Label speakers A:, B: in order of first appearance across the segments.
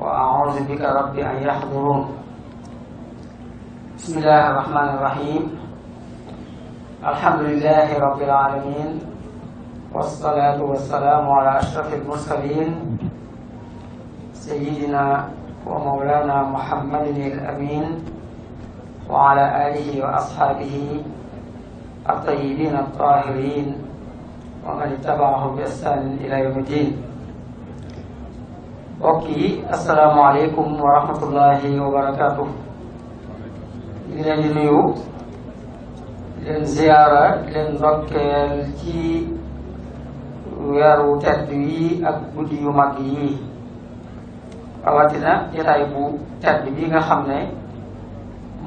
A: وأعوذ بك رب أن يحضرون بسم الله الرحمن الرحيم الحمد لله رب العالمين والصلاة والسلام على أشرف المرسلين سيدنا ومولانا محمد الأمين وعلى آله وأصحابه الطيبين الطاهرين ومن اتبعهم بإحسان إلى يوم الدين mbokk yi asalaamaaleykum wa rahmatullahi wa barakaatu. di nuyu di ziyaara di leen ci weeru tedd yi ak guddi yu mag yi rawatina jataay bu tedd nga xam ne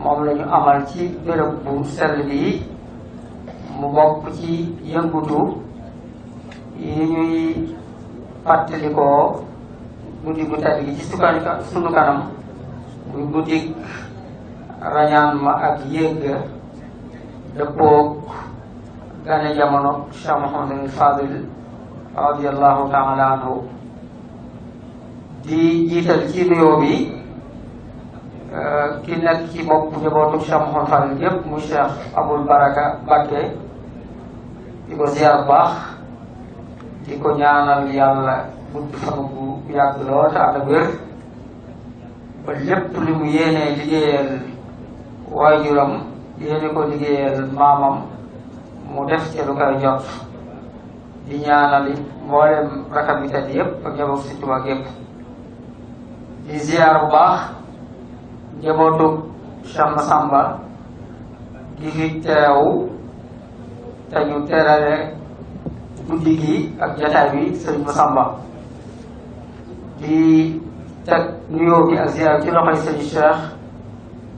A: moom la ñu amal ci béréb bu sell bi mu bokk ci yëngutu yi ñuy fàttalikoo guddi gu tedd gi ci sukkan rañaan ma ak yéeg gane jamono Cheikh Mouhamadul Fadil radiallahu taala anhu di jiital ci nuyoo bi euh, ki nekk ci bopp Fadil yépp mu Cheikh Abul Baraka Bakke di ko baax di ñaanal yàlla gudd fan bu yàgg lool te ànd ak wér ba lépp li mu yéenee liggéeyal waajuram yéene ko liggéeyal maamam mu def ci lu koy jot di ñaanal it mboolem rakab yi tat si tubaab yëpp di ziar bu baax njabootug Cheikh Massamba di fi teew te ñu terale guddi gi ak jataay bi sëriñ di teg nuyoo bi ak ziar ci loxoy sëñ Cheikh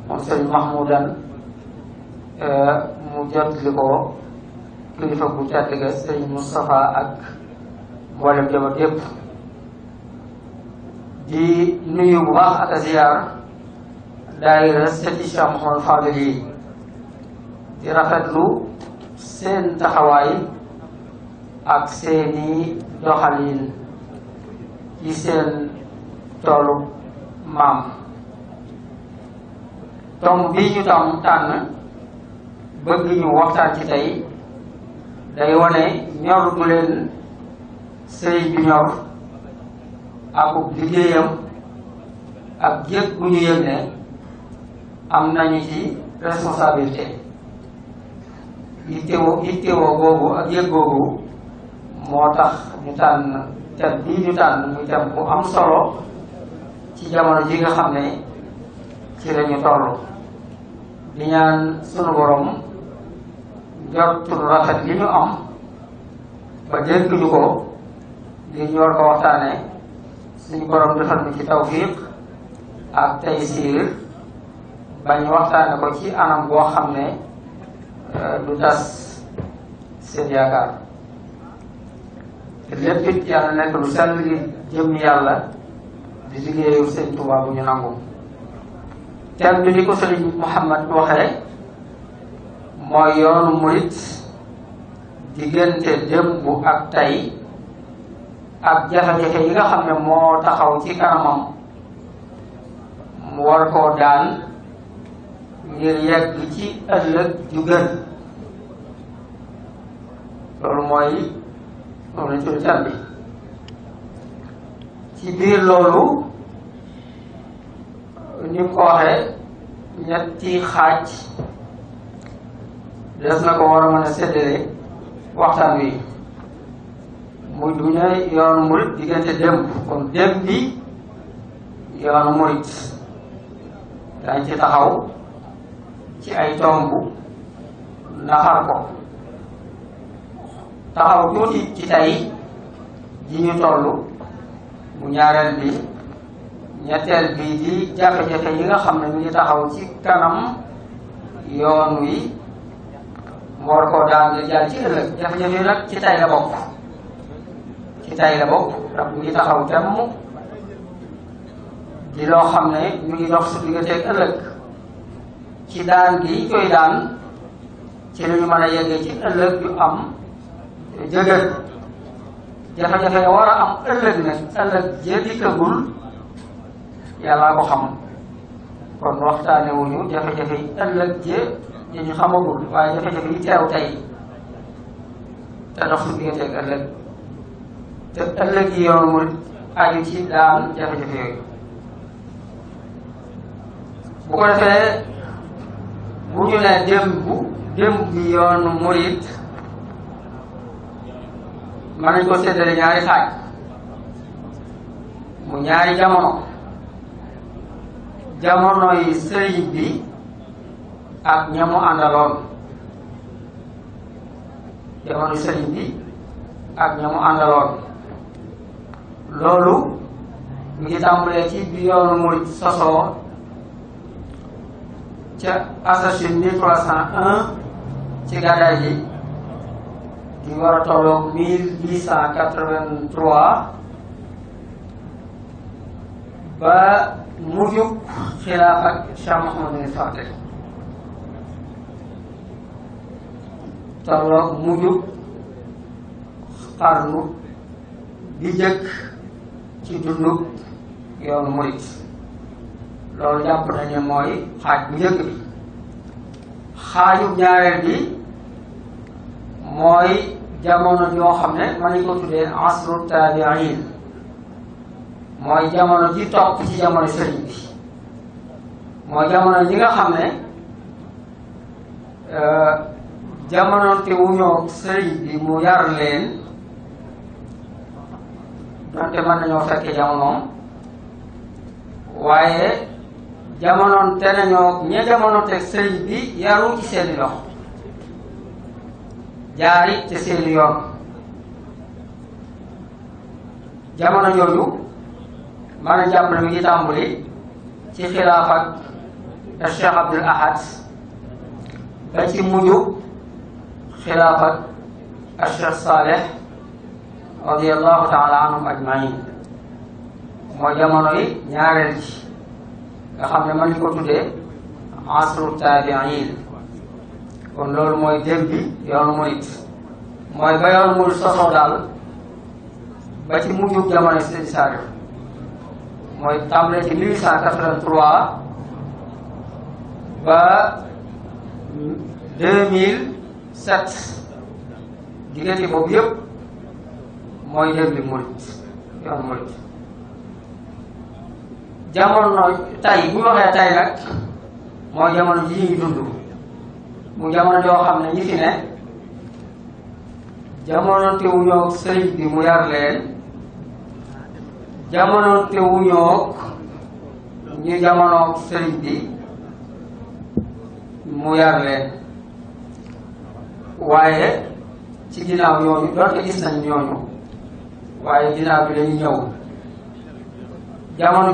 A: moom sëñ Mahmoudan mu jot li ak mboolem jabar yépp di nuyu bu baax ak ziar daayira ci seen toolu maam tomb bi ñu tam tànn bëgg ñu waxtaan ci tey day wane ñor gu leen sëy bi ñor akub liggéeyam ak yëg gu ñu yëg ne am nañu ci responsabilité yittewoo yittewoo googu ak yëg googu moo tax ñu tànn thème bii ñu tànn muy thème am solo ci jamono ji nga xam ne ci la ñu toll di ñaan sunu borom njortul rafet li ñu am ba dénk ñu ko di ñu war ko waxtaanee suñu borom defal ñu ci tawfiq ak taysiir ba ñu waxtaane ko ci anam boo xam ne euh, du tas seen lépp it yàlla nekk lu sell gi jëm yàlla di liggéeyu sëñ Tuubaa bu ñu nangu teg bi ni ko sëriñ Mouhamad waxee mooy yoonu murit diggante démb ak tey ak jafe-jafe yi nga xam ne taxaw ci kanamam mu war koo daan ngir yegg ci ëllëg ju gën moom lañ koy tàbbi ci biir loolu ni mu ko waxee ñetti xaaj des na ko war a mën a séddale waxtaan wi muy du ñu yoonu murit diggante démb kon démb bi yoonu murit dañ ci taxaw ci ay tomb naxar ko taxaw tuuti ci tey ji ñu toll mu ñaareel bi ñetteel bi di jafe-jafe yi nga xam ne ñu ngi taxaw ci kanam yoon wi mu daan ngir ci ëllëg jafe-jafe yi nag ci tey la bokk ci tey la bokk ñu ngi taxaw temm di loo xam ne ñu ngi dox su digganteeg ëllëg ci daan gi koy daan ci lu ñu mën a ci ëllëg yu am déedéet jafe-jafe ya war a am ëllëg nag ëllëg jëndikagul yàllaa ko xam kon waxtaane wuñu jafe-jafe yi ëllëg je yi ñu xamagul waaye jafe-jafe yi teew tey te dox suñu digganteeg ëllëg te ëllëg yi yoonu murid aju ci daan jafe-jafe yooyu bu ko defee bu ñu ne démb démb bi yoonu murid mën nañ ko séddale ñaari mu ñaari jamono jamonoy sëriñ bi ak ñamu àndaloon jamonoy sëriñ ak ñamu àndaloon loolu mi ngi tàmbalee ci bi yoonu murit sosoo ca assasine 1301 ci gàddaay gi ñu ngi war a tolloog mille huit cent quatre-vingt-trois ba mujjug xilaaf ak Cheikh Mouhamadou Fate tolloog mujjug xarnu ci dundug yoonu murit loolu jàpp nañu mooy xaaj bu njëkk bi xaajub mooy jamono joo xam ne ma ñu ko tuddee asru taabiin mooy jamono ji topp ci jamono sëriñ mooy jamono ji nga xam ne euh, jamono te wuñoo sëriñ bi mu yar leen donte mën nañoo fekke jamonoom waaye jamono te nañoo ña jamono teg sëriñ bi yaru ci seeni jaari ca seen yoon jamono jooju mën a jàpp ne mi ngi tàmbali ci xilaaf ak Cheikh Abdul Ahad ba ci mujj xilaaf ak Cheikh Saleh radiallahu taala anhum ajmain mooy jamono yi ñaareel ji nga xam ne mën ko tuddee asru taabiin kon loolu mooy jëm bi yoonu murit mooy ba yoonu murit sosoo daal ba ci mujjug jamono Sëriñ Saaliw mooy tàmbale ci 1883 ba 2007 diggante boobu yëpp mooy jëm bi murit yoonu murit jamono tey bu ñu waxee tey nag mooy jamono ji ñuy mu jamono joo xam ne ñi ne jamono te wuñoo sëriñ bi mu yar leen jamono te wuñoo ñu jamono sëriñ bi mu yar leen waaye ci ginnaaw ñooñu doonte gis nañ ñooñu waaye ginnaaw bi dañu ñëw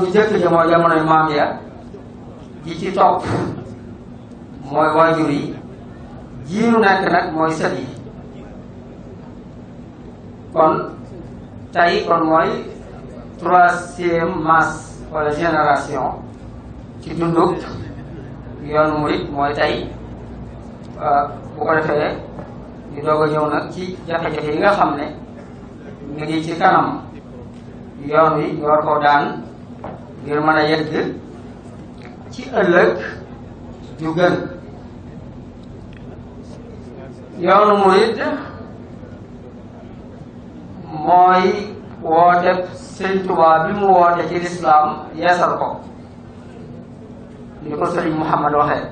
A: ji jëkk ji mooy jamonoy ji ci topp mooy waajur જીવના કલાક મોય સદી con tay con moi troisième masse pour la génération ci dunduk yoon murit mooy tey bu ko defee ñu doog a ñëw nag ci jafe-jafe yi nga xam ne ñu ngi ci kanam yoon wi ñu war koo daan ngir mën a yegg ci ëllëg ju gën yoonu murid mooy woote sëñ bi mu woote ci lislaam yeesal ko ni ko sëriñ Muhammad waxee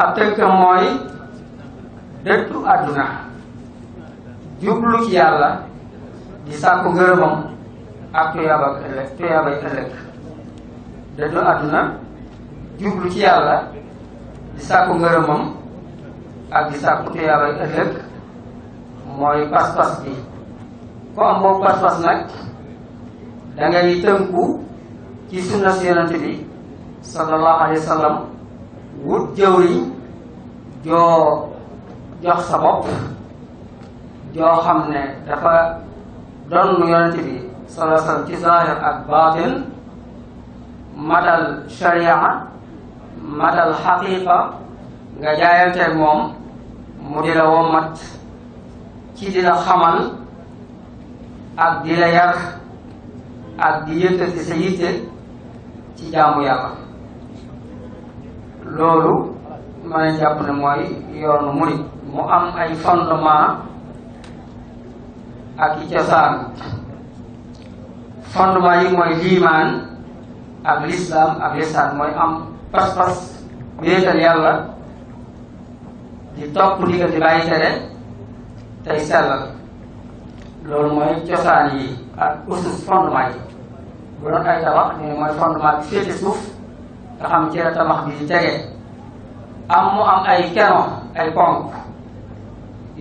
A: ab tënkam mooy dëddu àdduna jublu ci yàlla di sàkku ngërëmam ak tuyaabak ëllëg tuyaabay ëllëg dëddu àdduna jublu ci yàlla di sàkku ngërëmam ak di sàkku tuyaabay ëllëg mooy pas-pas bi ku am pas-pas nag da ngay ci sunna si yonent bi sallallahu alayhi wut jëwriñ joo jox sa bopp joo xam ne dafa doon yonent bi sallallahu alayhi wa ci zahir ak baatin matal sharia matal xaqiqa nga jaayanteeg moom mu di la wommat ci di la xamal ak yar ak di yëkkati sa yitte ci jaamu yàlla loolu ma ne jàpp ne mooy yoonu murit mu am ay fondement ak i cosaan fondement yi mooy liimaan ak lislaam ak lislaam mooy am pas-pas wéetal yàlla di topp ndigal di bàyyi tere tey sellal loolu mooy cosaan yi usus fondement yi bu ay tabax ñu mooy fondement bi féete suuf nga xam ci la tabax bi tege am mu am ay keno ay ponk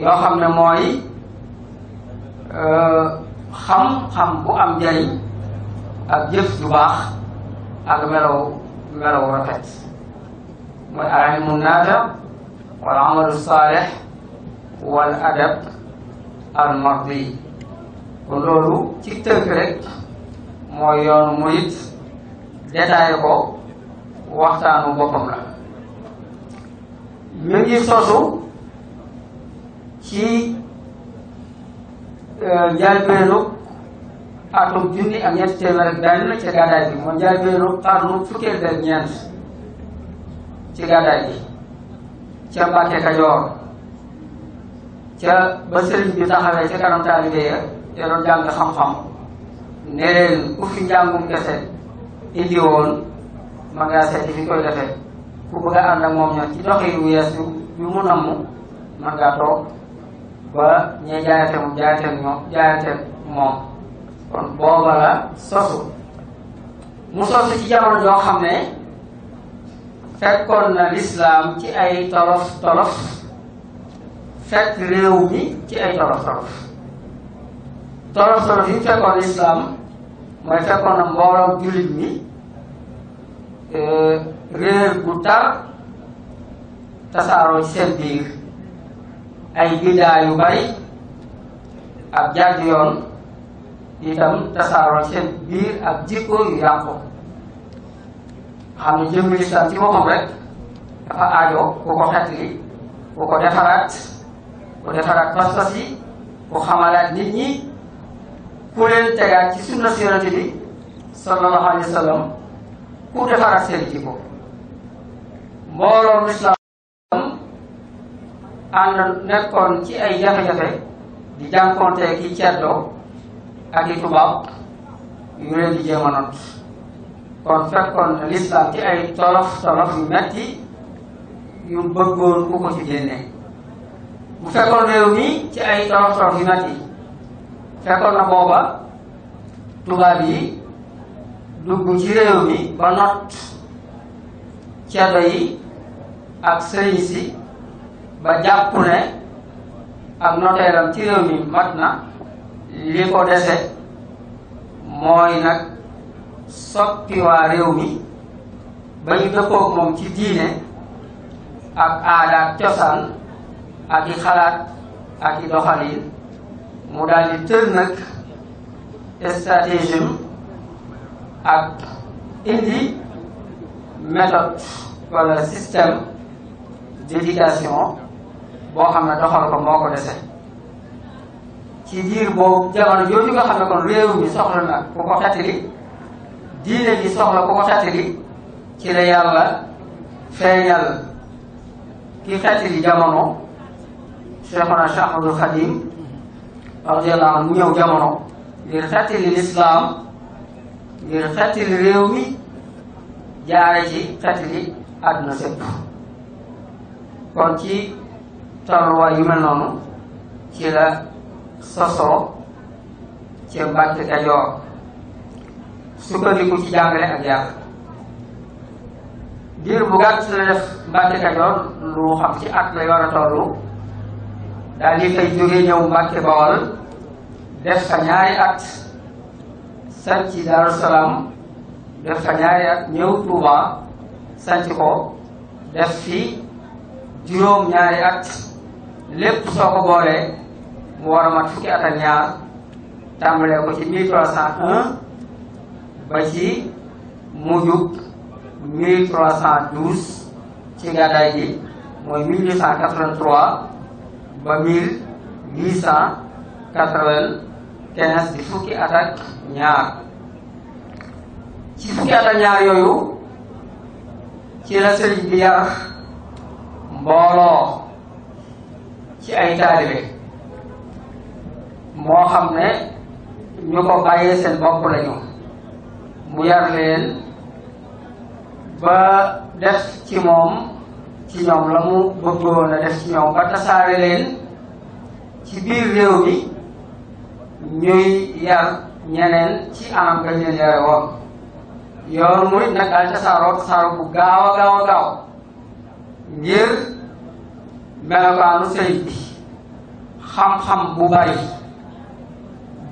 A: yoo xam ne mooy euh, xam-xam bu am jariñ ak jëf ju baax ak melow melow rafet mooy alal mun naata wal amalu saalix wal adab al mardi kon ci tënk rek mooy yoonu murit détaillé ko waxtaanu boppam la ñu ngi sosu ci euh, njëlbéenu atum junni ak ñetti téeméer ci gàddaay bi mooy njëlbéenu xarnu fukkeel ak ñeent ci gàddaay bi ca Mbàkke Kajoor ca ba sëriñ bi taxawee ca kanam taalibe ya ya doon jàng xam-xam ne leen ku fi njàngum indi woon ma ngaa seeti fi koy defee ku bëgg ànd moom ñoom ci doxin wu yees yu mu man ngaa toog ba ñee jaayante mu jaayante ñoom moom kon booba la sosu mu sosu ci jamono joo xam ne fekkoon na lislaam ci ay tolof tolof fekk réew mi ci ay tolof tolof tolof tolof yi mu fekkoon lislaam mooy fekkoon na mbooloom jullit mi e, réer gu tar tasaaroo ci seen biir ay bidaa yu bari ak jàdd yoon itam tasaaroo biir ak jikko yu yàqu xam ne jëmmi lislaam ci boppam rek dafa aajo ku ko xetli ku ko defaraat ku defaraat pas-pas yi ku xamalaat nit ñi ku leen tegaat ci sunna si yonente bi sallallahu alayhi wa ku defaraat seen jikko mbooloom lislaam ànd nekkoon ci ay jafe-jafe di jànkoonte ki ceddo ak i tubaab yu leen di kon fekkoon na lislaam ci ay tolof tolof yu metti yu bëggoon ku ko ci génne bu fekkoon mi ci ay tolof tolof yu metti fekkoon na booba tubaab yi dugg ci réew mi ba not ceddo yi ak sëriñ ba jàpp ne ak noteeram ci réew mi mat na li mooy nag soppi waa réew mi ba ñu moom ci diine ak aada ak cosaan ak i xalaat ak i doxalin mu daal di tër nag stratégie ak indi méthode wala système d'éducation boo xam ne doxal ko moo ko dese ci diir boobu jamono jooju nga xam ne kon réew mi soxla na ku ko xetli diine ji soxla ku ko xettali ci la yàlla feeñal ki xettali jamono Cheikhuna Cheikh Ahmadul Xadim radiyallahu anhu mu ñëw jamono ngir xettali lislaam ngir xettali réew mi jaare ci xettali àdduna sépp kon ci tolluwaay yu mel noonu ci la sosoo ci Mbàkke Kajoor sukkandiku ci jàngale ak yàlla diir bu gàtt la def Mbàkke Kajoor lu xam ci at lay war a toll daal di fay jóge ñëw Mbàkke Bawol def fa ñaari at sanc Daaru Salaam def fa ñaari at ñëw Tuuba sanc ko def fi juróom ñaari at lépp soo ko boolee mu war a mat fukki at ak ñaar tàmbalee ko ci 1301 ba ci mujjub mille trois cent douze ci gàddaay gi mooy mille huit cent quatre vingt ba mille huit cent quatre-vingt-quinze di fukki at ak ñaar ci fukki at ak ñaar yooyu ci la mbooloo ci ay taalibe moo xam ne ñu ko bàyyee seen bopp lañu mu yar leen ba def ci moom ci ñoom la mu bëggoon a def ci ñoom ba tasaare leen ci biir réew mi ñuy yar ñeneen ci anam gañ leen yare woon yoon murit nag daal tasaaroo tasaaroo bu gaaw a gaaw a gaaw ngir melokaanu sëriñ bi xam bu bari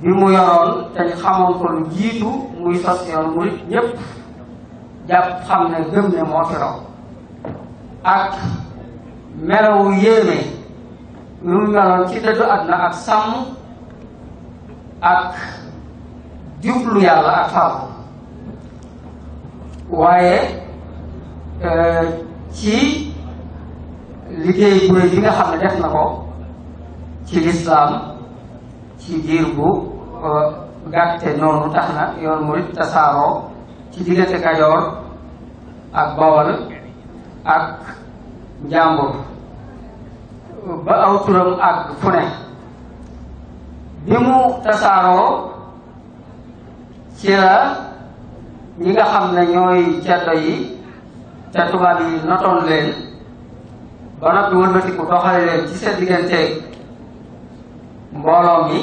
A: bi mu yoroon te xamoon ko lu jiitu muy sos yoon murit ñépp jàpp xam ne gëm ne moo fi raw ak melawu yéeme yu mu yoroon ci dëddu àdduna ak sàmm ak jublu yàlla ak faabu waaye e, ci liggéey bu rëy bi nga xam ne def na ko ci lislaam ci diir bu euh, gàtte noonu tax na yoon murit tasaaroo ci diggante Kajoor ak Bawol ak Njàmbur ba aw turam ak fu bi mu tasaaroo ci la ñi nga xam ne ñooy ceddo yi te tubaab yi notoon leen ba noppi wëlbatiku doxale leen ci seen diggante mbooloo mi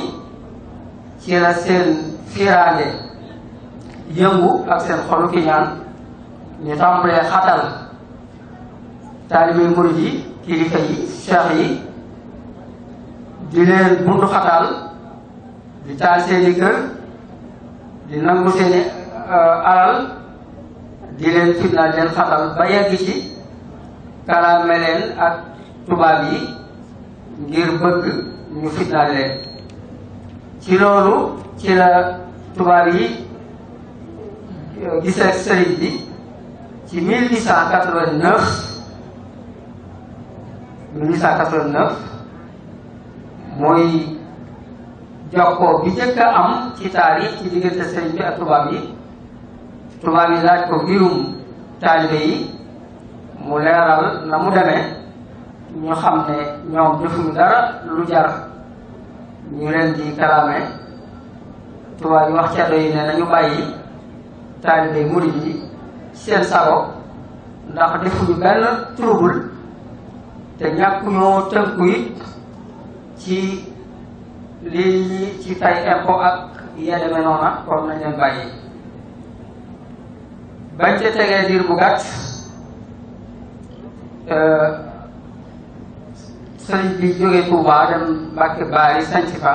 A: ci la seen fiiraange yëngu ak seen xolu ki ñaan ñu tàmbalee xatal taalibe murid yi kilifa yi cheikh yi di leen bundu xatal di taal seeni kër di nangu seeni euh, alal di leen fitna di xatal ba yegg ci kalaame leen ak tubaab yi ngir bëgg ñu fitnaal ci loolu ci la tubaab yi gisee sëriñ ci mille huit cent quatre-vingt-neuf mille huit cent quatre mooy jokkoo bi njëkk am ci taarix ci diggante sëriñ bi ak yi tubaab yi laaj ko mbirum taalibe yi mu leeral na mu demee ñu xam ne ñoom defuñu dara lu jar ñu leen di kalaame tubaab yi wax ceddo yi ne nañu bàyyi taalibe murid yi seen sago ndax defuñu benn trouble te ñàkkuñoo tënku it ci lii ci fay impôt ak ya demee noona kon nañ leen bàyyi bañ ca tegee diir bu gàtt euh, sëriñ bi jógee Touba dem Mbàkke Baari sanc fa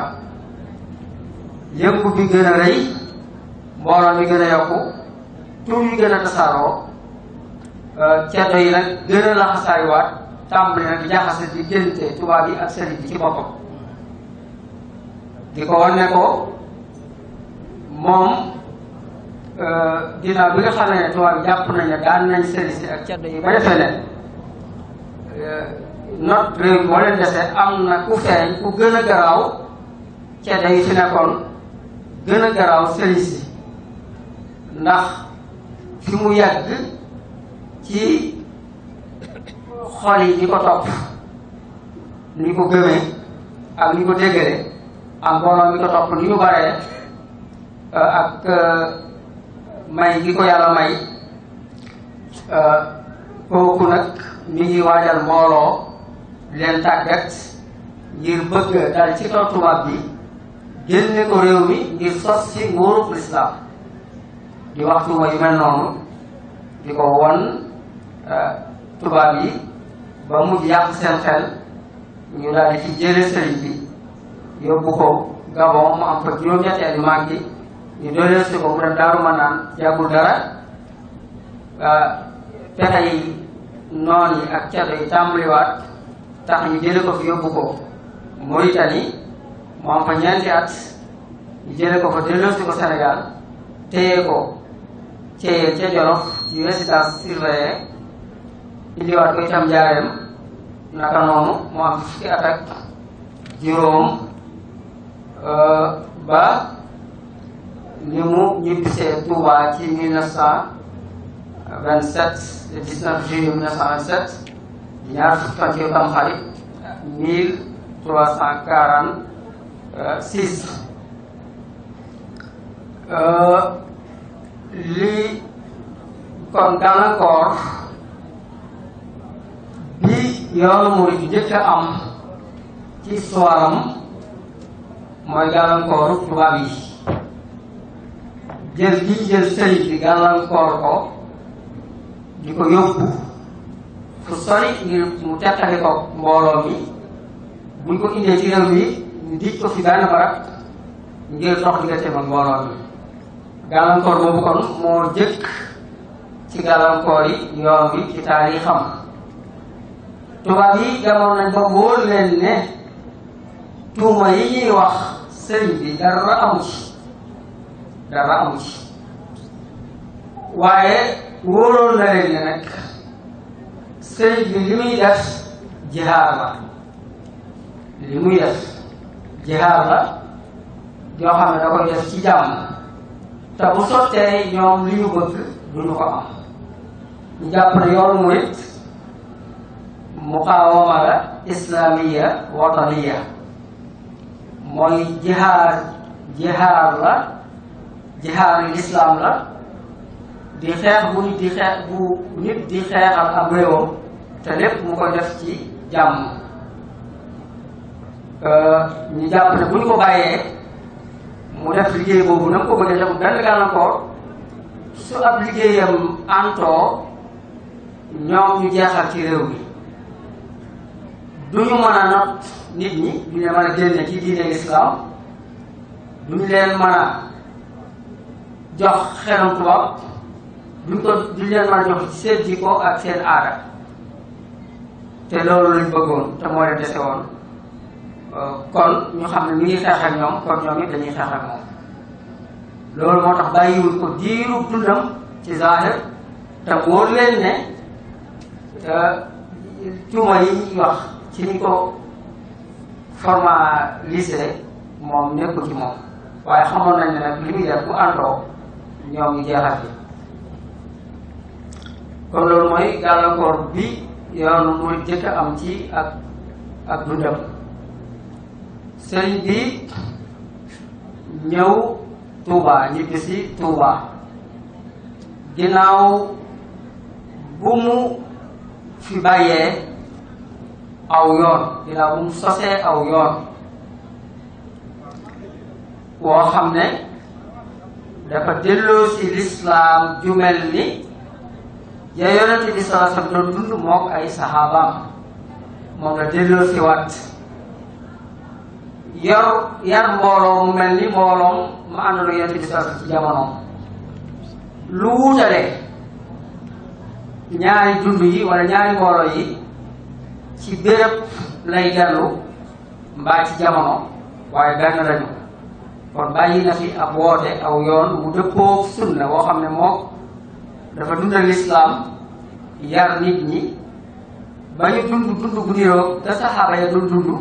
A: yëngu bi gën a rëy mbooloo mi gën a yokku tur yi gën a tasaaroo euh, ceddo yi nag gën a laxasaayuwaat tàmbali nag jaxase di diggante tubaab yi ak sëriñ bi ci boppam di ko wan moom euh, ginnaaw bi nga xam ne tubaab jàpp nañu daan nañ sëriñ si ak ceddo yi ba defee leen not réew moo leen dese am na ku ku gën a garaaw cedda yi gën a garaaw sëriñ si ndax fi mu yàgg ci xol yi ko topp ni ko gëmee ak ni ko déggalee ak mbooloo mi ko topp ni ñu baree eh, ak eh, may gi ko yàlla may eh, kooku nag mi ngi waajal mbooloo leen ngir bëgg dal ci kaw tubaab bi génne ko réew mi ngir sos ci nguurub lislaam di waxtu ma yu noonu di ko won euh, tubaab yi ba mu yàq seen ñu daal ci jële sëriñ bi yóbbu ko Gabon mu am fa juróom-ñetteelu mag gi ñu dooleel si ko mu dem Daaru Manaan jàggul dara euh, pexe yi noon yi ak cato yi tàmbaliwaat tax ñu jële ko fi yóbbu ko Mauritanie mu am fa ñeenti at ñu jële ko fa delloosi ko Sénégal téye ko ceyeen ca Jolof ci résidence surveillée indiwaat ko itam jaareem naka noonu mu am fukki at ak juróom euh, ba ni mu ñibbisee Touba ci mille neuf cent vingt sept le dix neuf juillet ñaar fukki tam xarit sis eh, li kon kor di yoonu murid njëkk am ci soiram mooy gàllankooru tubaab yi jël gi jël sëriñ ko di ko fu sori ngir mu teqale ko mbooloo mi buñ ko indee ci réew mi ko fi benn barab ngir dox diggante ma mbooloo mi gàllankoor boobu kon moo jëkk ci gàllankoor yi yoon bi ci taarixam tubaab yi jamono nañ ba wóor leen ne tuuma yi ñuy wax sëriñ bi dara amu ci dara waaye wóoroon na leen ne sëriñ bi li muy def jihaar la li muy def jihaar la yoo xam ne da ci jàmm te bu sottee ñoom li ñu bëgg duñu ko am ñu jàpp ne yoonu muqaawama la islaamiya wataniya mooy jihaar jihaar la jihaar lislaam la di xeex bu nit di xeex bu nit di xeexal ak réewam te lépp mu ko def ci jàmm ñu jàpp ne bu ñu ko bàyyee mu def liggéey boobu na mu ko bëggee def benn gàllankoor su ab liggéeyam antoo ñoom jeexal ci réew mi du ñu mën a not nit ñi du ñu leen mën a génne ci diine islam du ñu leen mën a jox xelum tubaab du ñu leen mën a jox seen jikko ak seen aada te loolu lañ bëggoon te moo leen dese euh, kon ñu xam ne mi ngi xeex ak ñoom kon ñoom it dañuy xeex ak moom loolu moo tax bàyyiwul ko diiru dundam ci zaahir te wóor leen ne euh, tuuma yi ñuy wax ko formalisé moom nekkul ci moom waaye xamoon nañ ne nag li muy def bu àndoo ñoom ñu jeexal kon loolu mooy gàllankoor bi yoonu muy jëkk am ci ak ak dundam sëriñ bi ñëw Touba ñibbi si Touba ginnaaw bu mu fi aw yoon ginnaaw bu mu aw yoon woo xam ne dafa delloo si lislaam ju ni ya yonent bi saa sam doon dund mook ay saxaabaam moom la delloo si waat yar mbooloo mel ni mbooloom ma àndoon ak yonent bi saa sam ci lu wuutale ñaari dund yi wala ñaari mbooloo yi ci béréb lay dellu mbaa ci jamono waaye benn lañu kon bàyyi na fi ab woote aw yoon mu dëppoo sunna woo xam ne mook dafa dundal lislaam yar nit ñi ba ñu dund bu niroog te saxaaba ya dul dund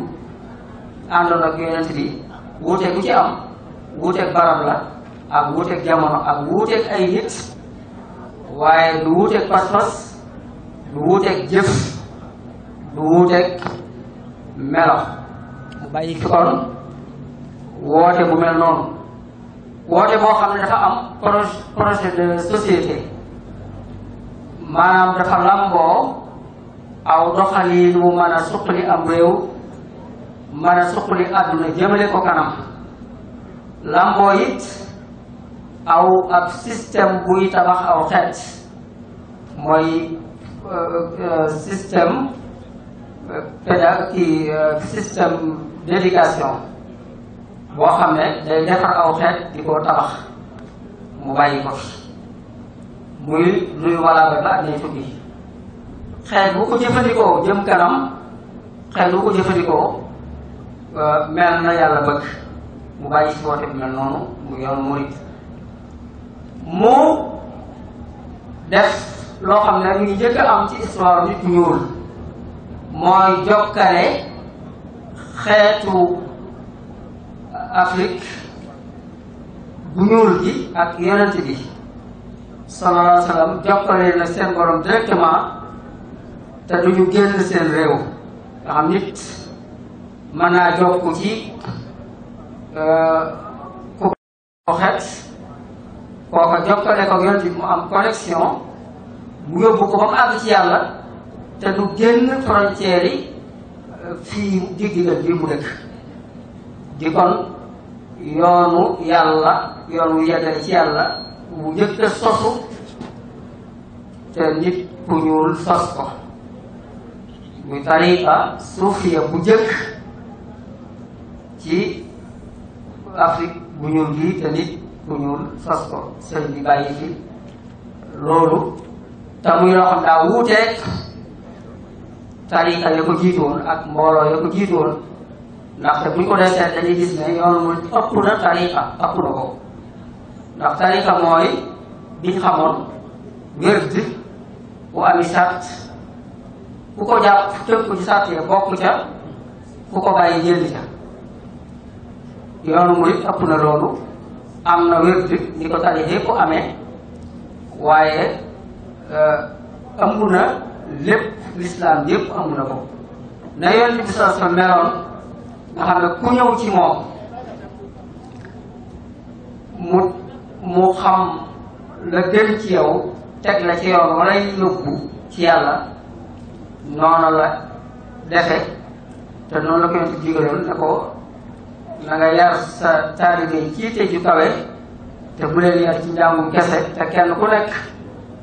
A: àndoon ak yonent bi wuuteeg ci am wuuteeg barab la ak wuuteeg jamono ak wuuteeg ay nit waaye du wuuteeg pas du wuuteeg jëf du wuuteeg melo bàyyi kon woote bu mel noonu woote boo xam ne dafa am projet projet de société maanaam dafa lamboo aw doxaliin wu mën a suqali am réew mën a suqali àdduna jëmale ko kanam lamboo it aw ab système buy tabax aw xeet mooy euh, euh, système pédag ki euh, système d'éducation boo xam ne day defar aw xeet di ko tabax mu bàyyi ko muy luy walaabal ba ak day fukki xeet bu ko jëm kanam xeet bu ko jëfandikoo euh, mel na yàlla bëgg mu bàyyi si woote bu mel noonu mu yoonu murit mu def loo xam ne mi ngi njëkk a am ci histoire nit ku ñuul mooy jokkale xeetu Afrique bu ñuul gi ak yonent bi sallallahu alayhi wa sallam seen borom directement te du ñu génn seen réew nga nit mën naa jokk ci euh, ku jokkale ko yonent bi mu am connexion mu yóbbu ko ba mu àgg ci yàlla te du génn frontières yi euh, fii digg-digg bi mu dëkk di kon yoonu yàlla yoonu yeggale ci yàlla njëkk a sosu te nit ku ñuul sos ko muy tariqa suufiya bu njëkk ci Afrique bu ñuul gi te nit ku ñuul sos ko sëñ bi bàyyi loolu te muy loo xam daa wuuteeg tariqa ya ko jiitoon ak mbooloo ya ko bu ñu ko dee seet dañuy ne yoonu mu ëpp na tariqa ko ndax tariqa mooy biñ xamoon wérd bu ami sart ku ko jàpp képp ci sart ya bokk ca ku ko bàyyi jënd ca yoonu murit ëpp na loolu am na wérd ni ko tariqa yëpp amee waaye eh, ëmb na lépp lislaam yëpp ëmb na ko na yoon bi meloon nga xam ne ku ñëw ci moom mu mu xam la gën ci yow teg la ci yoon wala yóbbu ci yàlla noonu la defe te noonu la ko yonent digaloon ne ko na yar sa taalibe ci te ju kawe te bu leen yar ci njàngum kese te kenn ku nekk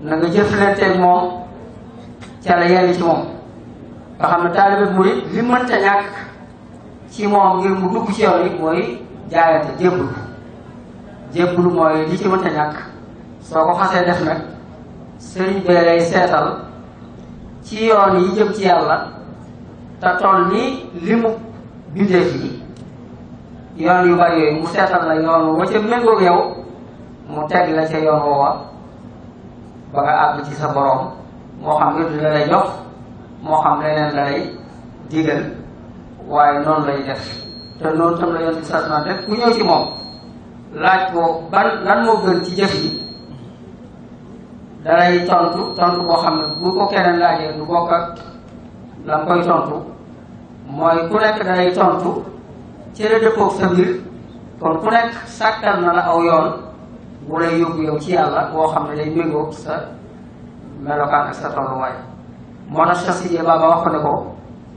A: na nga jëflanteeg moom ca la yenn ci moom nga xam ne taalibe murit li mënta ñàkk ci moom ngir mu dugg ci yoon yi mooy jaayante jébbal jébbalu mooy li ci mënta ñàkk soo ko xasee def nag sëriñ bee seetal ci yoon yi jëm ci yàlla te toll ni li mu bindee fii yoon yu bari yooyu mu seetal la yoon woo ca méngoog yow mu teg la ca yoon woowa ba nga àgg ci sa boroom moo xam wirdu la lay jox moo xam leneen la lay digal waaye noonu lay def te noonu tam la yoon bi sas na def ku ñëw ci moom laaj ko ban lan moo gën ci jëf yi danay tontu tontu koo xam ne bu ko keneen laajee du bokk ak la koy tontu mooy ku nekk danay tontu ci la sa mbir kon ku nekk sàkkal na la aw yoon bu lay yóbbu yow ci yàlla boo xam ne day méngoo sa melokaan ak sa tolluwaay moo tax Cheikh Sidiye Baba wax ko ne ko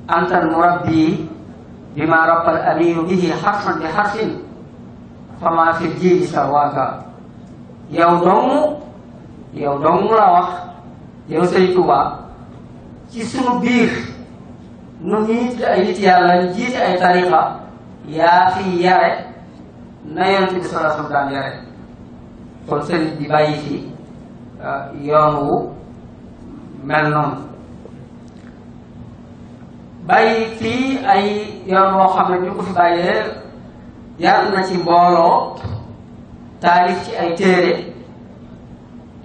A: antal murabbi bi ma rabbal aminu bihi xarfan bi xarfin commencé ji ji sa waa yow dong yow dong la wax yow ci sunu nu nit ay nit yàlla ay tarixa yaa fi yare na yonent bi sala sam daan yare kon sëriñ bi fi yoon wu mel noonu bàyyi fii ay yoon woo xam ne fi bàyyee yaram na ci mbooloo taalif ci ay téere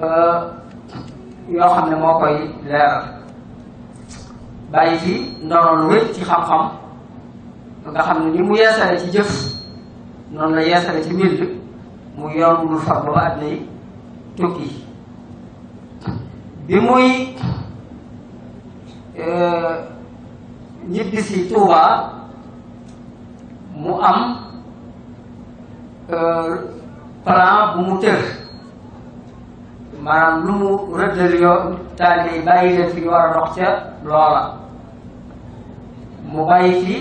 A: euh, yoo xam ne moo koy leeral bàyyi fi ndoroon wéy ci xam-xam nga xam ne ni mu yeesale ci jëf noonu la yeesale ci wild mu yomb lu fag ba àddina yi tukki bi muy euh, ñibbisi Tuubaa mu am plan bu mu tër maanaam lu mu rëddal yoo taalibe yi bàyyi leen fi ñu war a dox ca loola mu bàyyi fi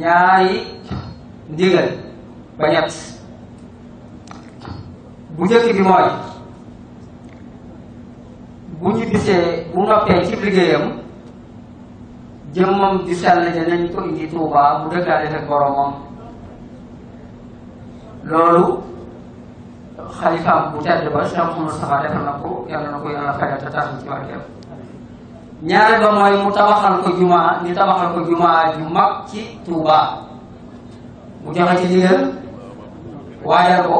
A: ñaari ndigal ba ñett bu njëkk bi indi tuubaa mu dëkkaale fekk boromam loolu xalifaam bu tedd ba Cheikh Mouhamadou Moustapha defal na ko yàlla na ko yàlla fayal ci barkeem ñaareel ba mooy mu tabaxal ko jumaa ñu tabaxal ko jumaa ju mag ci Touba mu joxe ci digal ko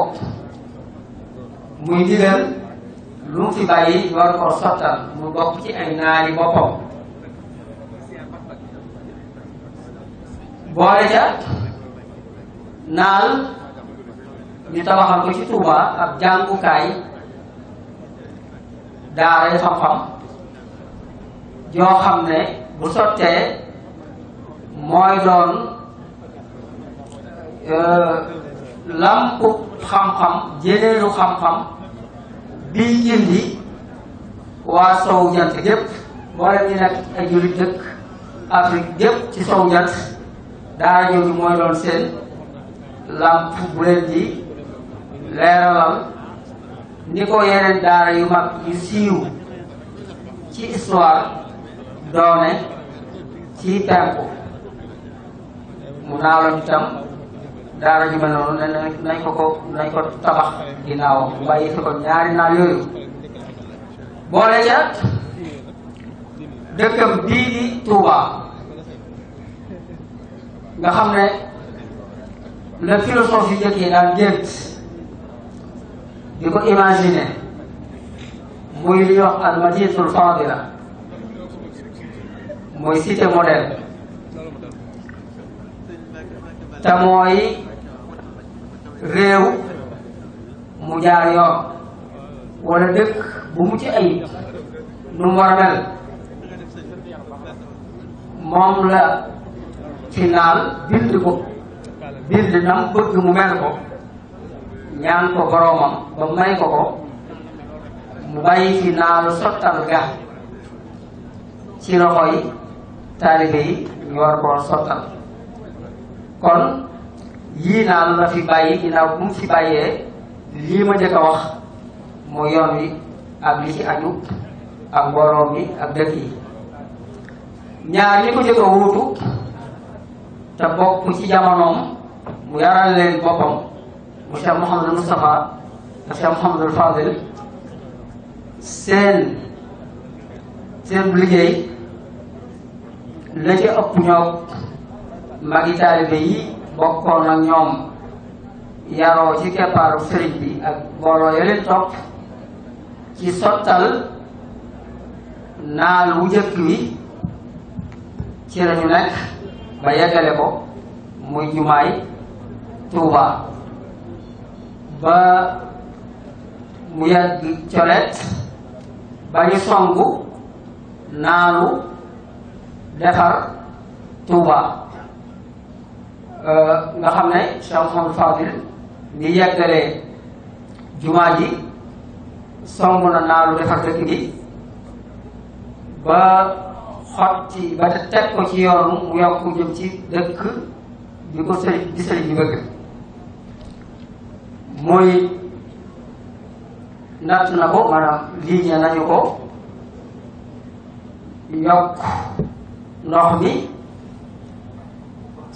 A: muy digal lu fi war mu ci ay naari boole ca naal nitabaxal ko ci Touba ab jàngukaay daara xam-xam yoo xam ne bu sottee mooy doon lampu xam-xam jëneeru xam-xam bi indi waa sow jant yëpp mboolem ñi nekk ay jullit dëkk Afrique yëpp ci sow jant daara jooju mooy doon seen lamp bu leen di leeralal ni ko yeneen daara yu mag yu siiw ci histoire doone ci penku mu naaloon itam daara ju noonu nañ ko ko ko tabax ginnaawam mu bàyyi fi ko ñaari naal yooyu boole ca dëkkam bii di Touba nga xam ne la philosophie jëkk yi daan gént di ko imaginer muy li wax al madinatul fadila muy cité modèle te mooy réew mu jaar yoon wala dëkk bu mu ci nu mu moom la final bind ko bind nam bëgg mu mel ko ñaan ko boroomam ba may ko ko mu bàyyi fi naalu sottal ga ci loxo yi taalibe yi ñu war sottal kon yii naal la fi bàyyi ginnaaw bu mu fi bàyyee lii ma njëkk a wax mu yoon wi ak li ci aju ak mbooloo mi ak dëkk yi ñaar ñi ko njëkk wuutu te bokk ci jamonoom mu yaral leen boppam Cheikh Mouhamadul Moustapha ak Cheikh Mouhamadul Fadil seen seen liggéey la ci ëpp ñoom magi taalibe yi bokkoon ak ñoom yaroo ci keppaaru sëriñ bi ak booloo ya leen topp ci sottal naal wu ci lañu nekk ba yeggale ko muy jumaay Tuubaa ba mu yàgg colet ba ñu songu naanu defar Touba euh, nga xam ne Cheikh Mouhamadou Fadil ni yeggalee jumaa ji song na naalu defar dëkk bi ba xotti ba teg ko ci yoonu mu yokk jëm dëkk bi ko sëriñ bi sëriñ bëgg mooy natt na ko maanaam liggéey nañu ko yokk ndox mi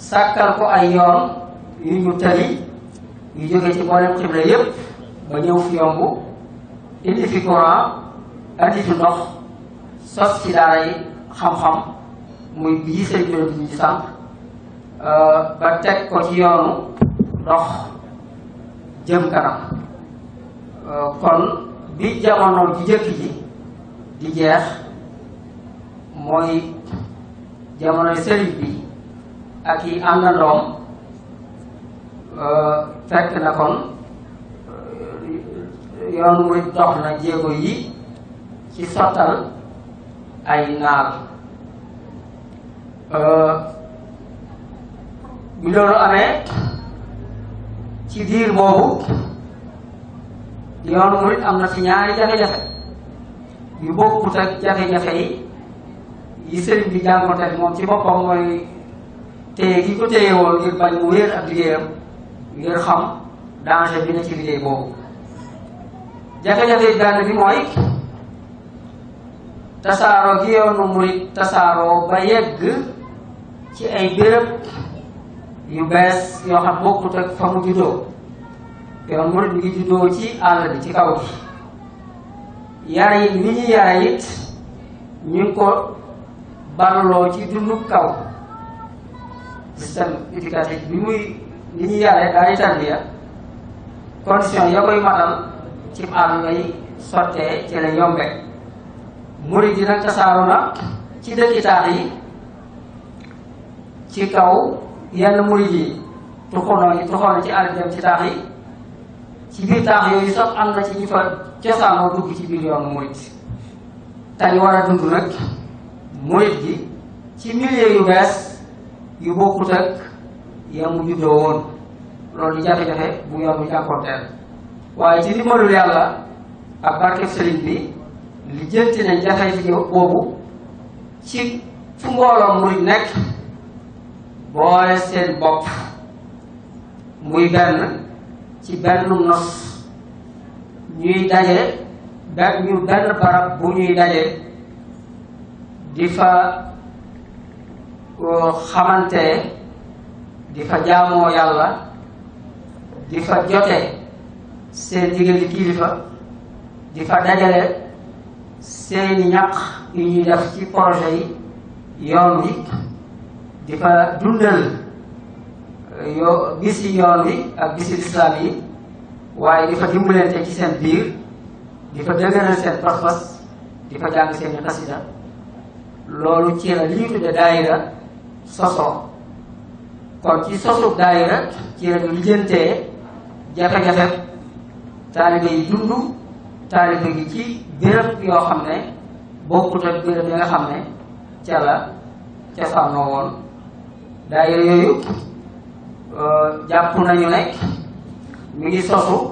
A: sàkkal ko ay yoon yu ñu tali yu jóge ci mboolem xibla yépp ba ñëw fi yomb indi fi courant indi fi ndox sos ci daara xam-xam muy bii seen juróom bi euh, ba teg ko ci yoonu ndox jëm kanam euh, kon bi jamono ji jëkk ji di jeex mooy jamonoy sëriñ bi ak yi àndandoom euh, fekk na kon euh, yoon muy dox na jéego yi ci sottal ay naar bi loolu amee ci diir boobu yoonu murit am na fi ñaari jafe-jafe yu bokkut ak jafe-jafe yi yi sëriñ bi jànkoonte moom ci boppam mooy téye gi ko téye woon ngir bañ mu wéer ak liggéeyam ngir xam danger bi ne ci liggéey boobu jafe-jafe yi benn bi mooy tasaaroo gi yoonu murit tasaaroo ba yegg ci ay béréb yu bees yoo xam bokkut ak fa mu juddoo yoon murit ngi juddoo ci àll bi ci kaw gi ni ñu yara it ñu ngi ko baraloo ci dundu kaw système éducatif bi muy li ñuy yare daay tarbiya condition ya ci àll lay sottee ci la yombe murit yi nag tasaaru ci dëkki taax ci kaw yalla ya, anu murid yi ya, to tuxoon ci to dem ci taax yi ci biir taax yooyu sax am na ci ci fa cosaanoo dug ci biir yoonu murid tey war wara dund nag murid gi ci milieu yu bes yu bokku tak ya mu juddoo won loolu di jafé bu yoon ci jànkoonteel waye ci limaru yalla ak barke serigne bi li jënti na jaxay jafe bobu ci fu mbooloo murid nek boole seen bopp muy benn ci benn nos ñuy daje benn ñu benn barab bu ñuy daje di fa euh, xamante di fa jaamoo yàlla di fa jote seen diggante kilifa di fa dajale seeni ñaq yu ñuy def ci projet yi yoon wi difa dundal yo gis yoon wi ak gis islam yi waaye di fa dimbalante ci seen biir di fa dëgëral seen pas-pas di fa jàng seen xasida loolu ci la li ñu tudde daayira soso kon ci sosu daayira ci la ñu lijjantee jafe-jafe taalibe yi dund taalibe gi ci béréb yoo xam ne bokkut ak béréb yi nga xam ne ca la ca fànnoo woon daayira yooyu euh, jàpp nañu ne mi ngi sosu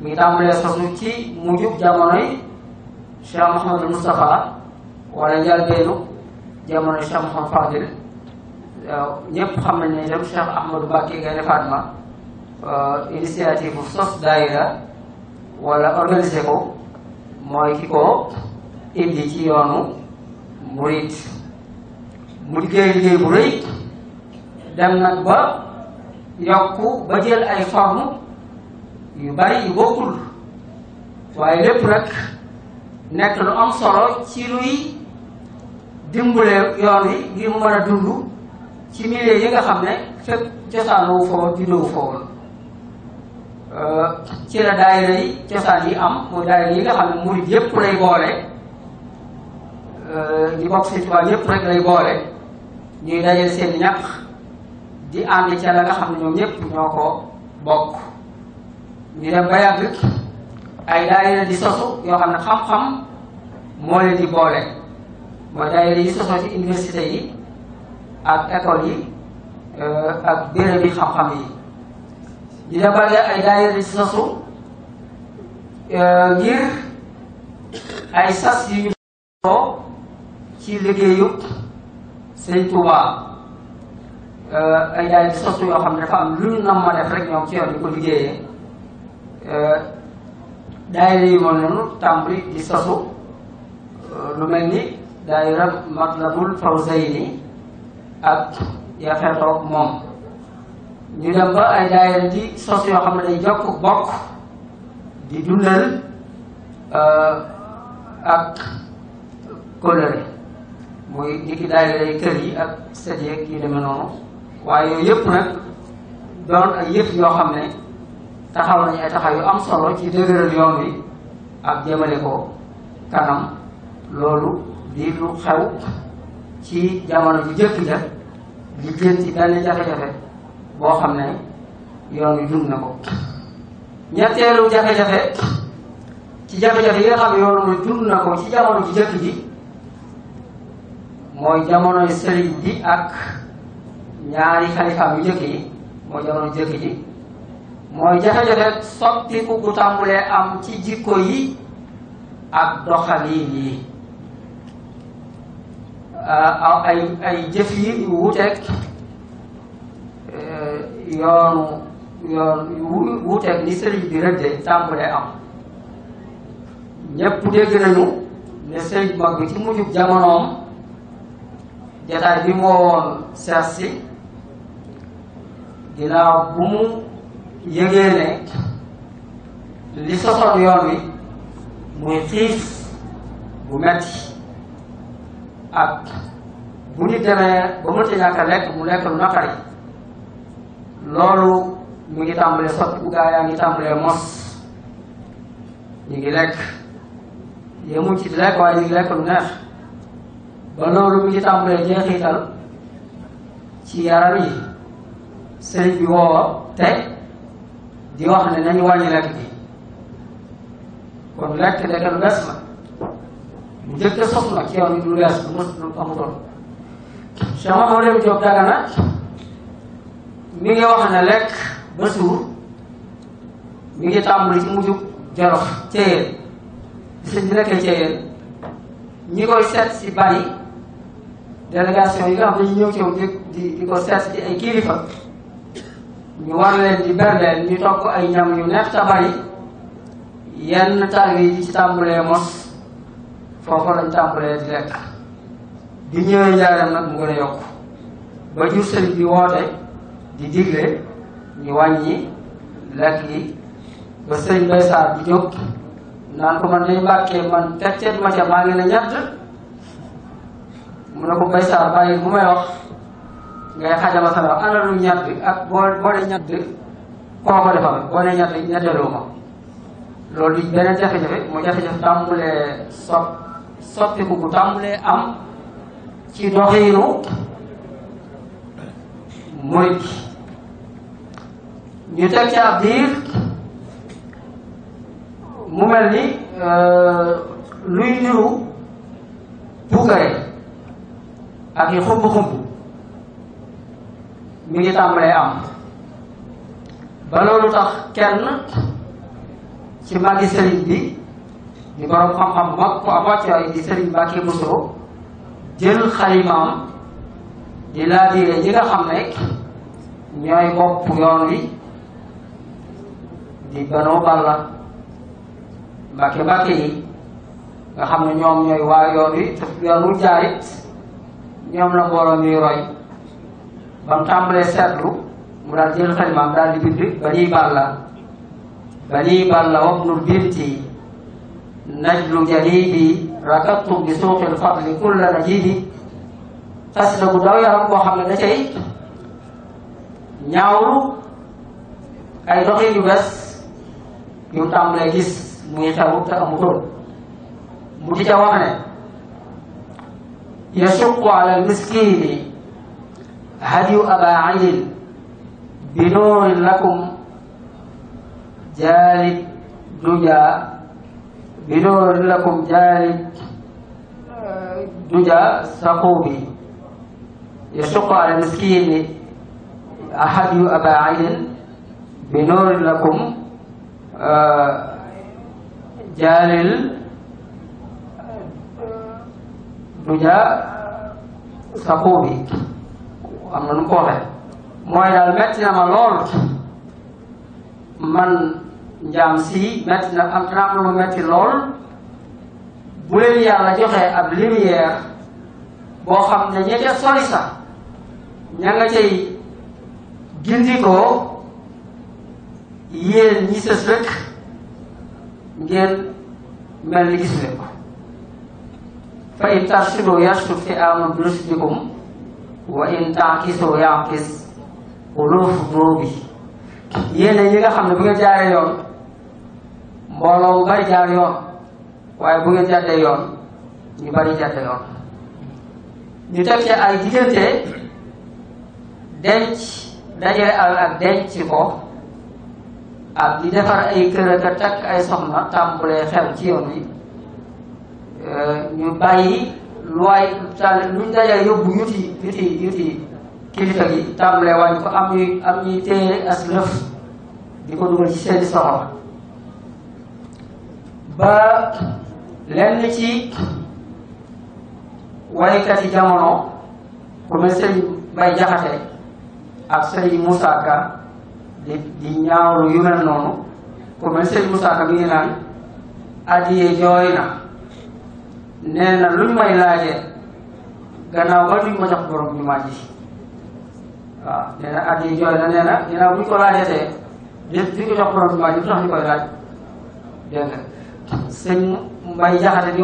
A: mi ngi tàmbalee sosu ci mujjub jamonoy Cheikh Mouhamadou Moustapha wala njalbeenu jamonoy Cheikh Mouhamadou Fadil euh, ñëpp xam nañ ne itam Cheikh Ahmadou Bakké Gaynde Fatma euh, initiative sos daayira wala organiser ko mooy ci yoonu murit mu liggéey liggéey bu dem nag ba yokku ba jël ay forme yu bari yu bokkul waaye lépp nag nekk lu am solo ci luy dimbale yoon wi ngir mu mën a dund ci milieu yi nga xam ne fépp cosaanu foo juddoo foo woon euh, ci la daayira yi cosaan yi am mooy daayira yi nga xam ne murid yépp lay boole euh, ñi bokk Sëñ Tuubaa yépp rek lay boole ñuy dajale seen ñaq di ànd ca nga xam ne ñoom ñëpp ñoo ko bokk ñu dem ba yàgg ay daayira di sosu yoo xam ne xam-xam moo leen di boole mooy daayira yi euh, di sosu euh, ngir ay sas yu ñu soo ci liggéeyu Sëñ Tuubaa Euh, ay ay sos yoo xam ne dafa am lu ñu nam ma def rek ñoom ci yoon ko liggéeyee euh, daayira yu ma noonu tàmbali di sosu euh, lu mel ni daayira Matlabul Fawzayni ak ya xeetoog moom ñu dem ba ay daayira di sos yoo xam ne day jokk bokk di dundal ak kóllëre muy di ki daayira kër yi ak sët yeeg yu noonu waaye yooyu yëpp nag doon ak yëpp yoo xam ne taxaw nañu ay taxaw yu am solo ci dëgëral yoon wi ak jëmale ko kanam loolu di lu xew ci jamono ju jëkk ja di gën ci jafe-jafe boo xam ne yoon wi jum na ko ñetteelu jafe-jafe ci jafe-jafe yi nga xam yoon wi jum na ko ci jamono ju jëkk ji mooy jamonoy sëriñ bi ak ñaari xalifaam yu njëkk yi mooy jamono jëkk ji mooy jafe-jafe soppiku gu tàmbulee am ci jikko yi ak doxaliin yi ay ay jëf yi yu wuuteeg yoonu yoon wuuteeg ni sëriñ bi rëddee tàmbulee am ñépp dégg nañu ne sëriñ mag bi ci mujjub jamonoom jataay bi moo sees si ginnaaw bu mu yëgee ne li sosoon yoon wi muy xiif bu metti ak bu nit demee ba mënta ñàkk a lekk mu lekk lu naqari loolu mu ngi tàmbalee sot bu gaa yaa ngi tàmbalee mos ñu ngi lekk yémuñ ci di lekk waaye ñu ngi lekk lu neex ba loolu mu ngi tàmbalee jeexital ci yaram yi sëriñ bi teh diwah di wax ne nañu wàññi lekk bi kon lekk ndeke lu bees la lu njëkk a sos nag ci yoon yi lu bees lu mës lu amutoon na Mamadou Dem Diop Dagana mi ngi wax ne lekk ba suur mi ngi si bari delegasi yi nga xam yang ñu di di ko seet ci ñu war leen di berleen ñu togg ay ñam yu neex ta bari yenn tàgg yi ci foofa lañ tàmbalee di lekk di ñëwee njaaram nag mu gën a yokk ba jur sëriñ bi woote di digle ñu wàññi lekk yi ba sëriñ bay saar di jóg naan ko man day mbàkkee man fekkeet ma ca maa ngi ne ñett mu ne ko bay saar bàyyi bu may wax ngay xajala sa bopp alalu ñett ak boo boole ñett bi koo ko defal boo nee ñett bi loolu beneen jafe-jafe mu jafe-jafe tàmbulee sop soppiku bu tàmbulee am ci doxiinu murit ñu teg ci ab diir mu mel ni euh, luy niru puukare ak yi xumb-xumb mi ngi tàmbalee am ba loolu tax kenn ci màggi sëriñ bi di borom xam-xam mag ku am wàccuwaay di sëriñ Mbàkke Bousso jël xalimaam di laa diire ñi nga xam ne ñooy bopp yoon wi di banoo balla mbàkke mbàkke yi nga xam ne ñoom ñooy waa yoon wi te yoon wu jaarit ñoom la mbooloo roy ba mu tàmbalee seetlu mu daal jël xalimaam daal di bind ba ñuy balla ba ñuy balla wabnul binti najlu jalidi rakabtu bi suuqil fadli kulla najidi xasida bu daw yaram boo xam ne da cay ñaawlu ay doxin yu bees yu tàmbalee gis muy xew te amutoon mu di ca wax ne yasuqu ala al miskini هدي أبا عين بنور لكم جالد دجا بنور لكم جالد دجا سقوبي يشق على المسكين أحد أبا عين بنور لكم آه، جالل دجا سقوبي am na nu mu ko waxee mooy daal metti na ma lool man njaam si metti na am na am na metti lool bu leen yàlla joxee ab lumière boo xam ne ña ca sori sax ña nga cay gindikoo yéen ñi sës rek ngeen mel ni ko fa in tarshuduu wa in tànkisoo yanqis uluf boobi yéen ñi nga xam ne bu ngeen jaaree yoon mbooloo bu bari jaar yoon waaye bu ngeen jàddee yoon ñu bari jàddee yoon ñu teg ci ay diggante denc dajale alal denc ko ak di defar ay kër ak a takk ay soxna tàmbulee xel ci yoon wi ñu bàyyi looy tànn luñ dajee yóbbu ñu ci ñu ci ñu ci kilifa gi tàmbalee wàññi ko am ñuy am ñuy téye as lëf di ko dugal ci seeni soxla ba lenn ci waykat yi jamono ku mel sëñ Bay Jaxate ak sëñ Moussa Ka di di yu mel noonu ku mel sëñ Moussa Ka ngi naan addiyee jooy na nee na luñ may laaje gannaaw ba duñ ma jox borom jumaa ji waaw nee na at yi jooy na nee na ginnaaw buñ ko laajatee di duñ ko jox borom jumaa ji di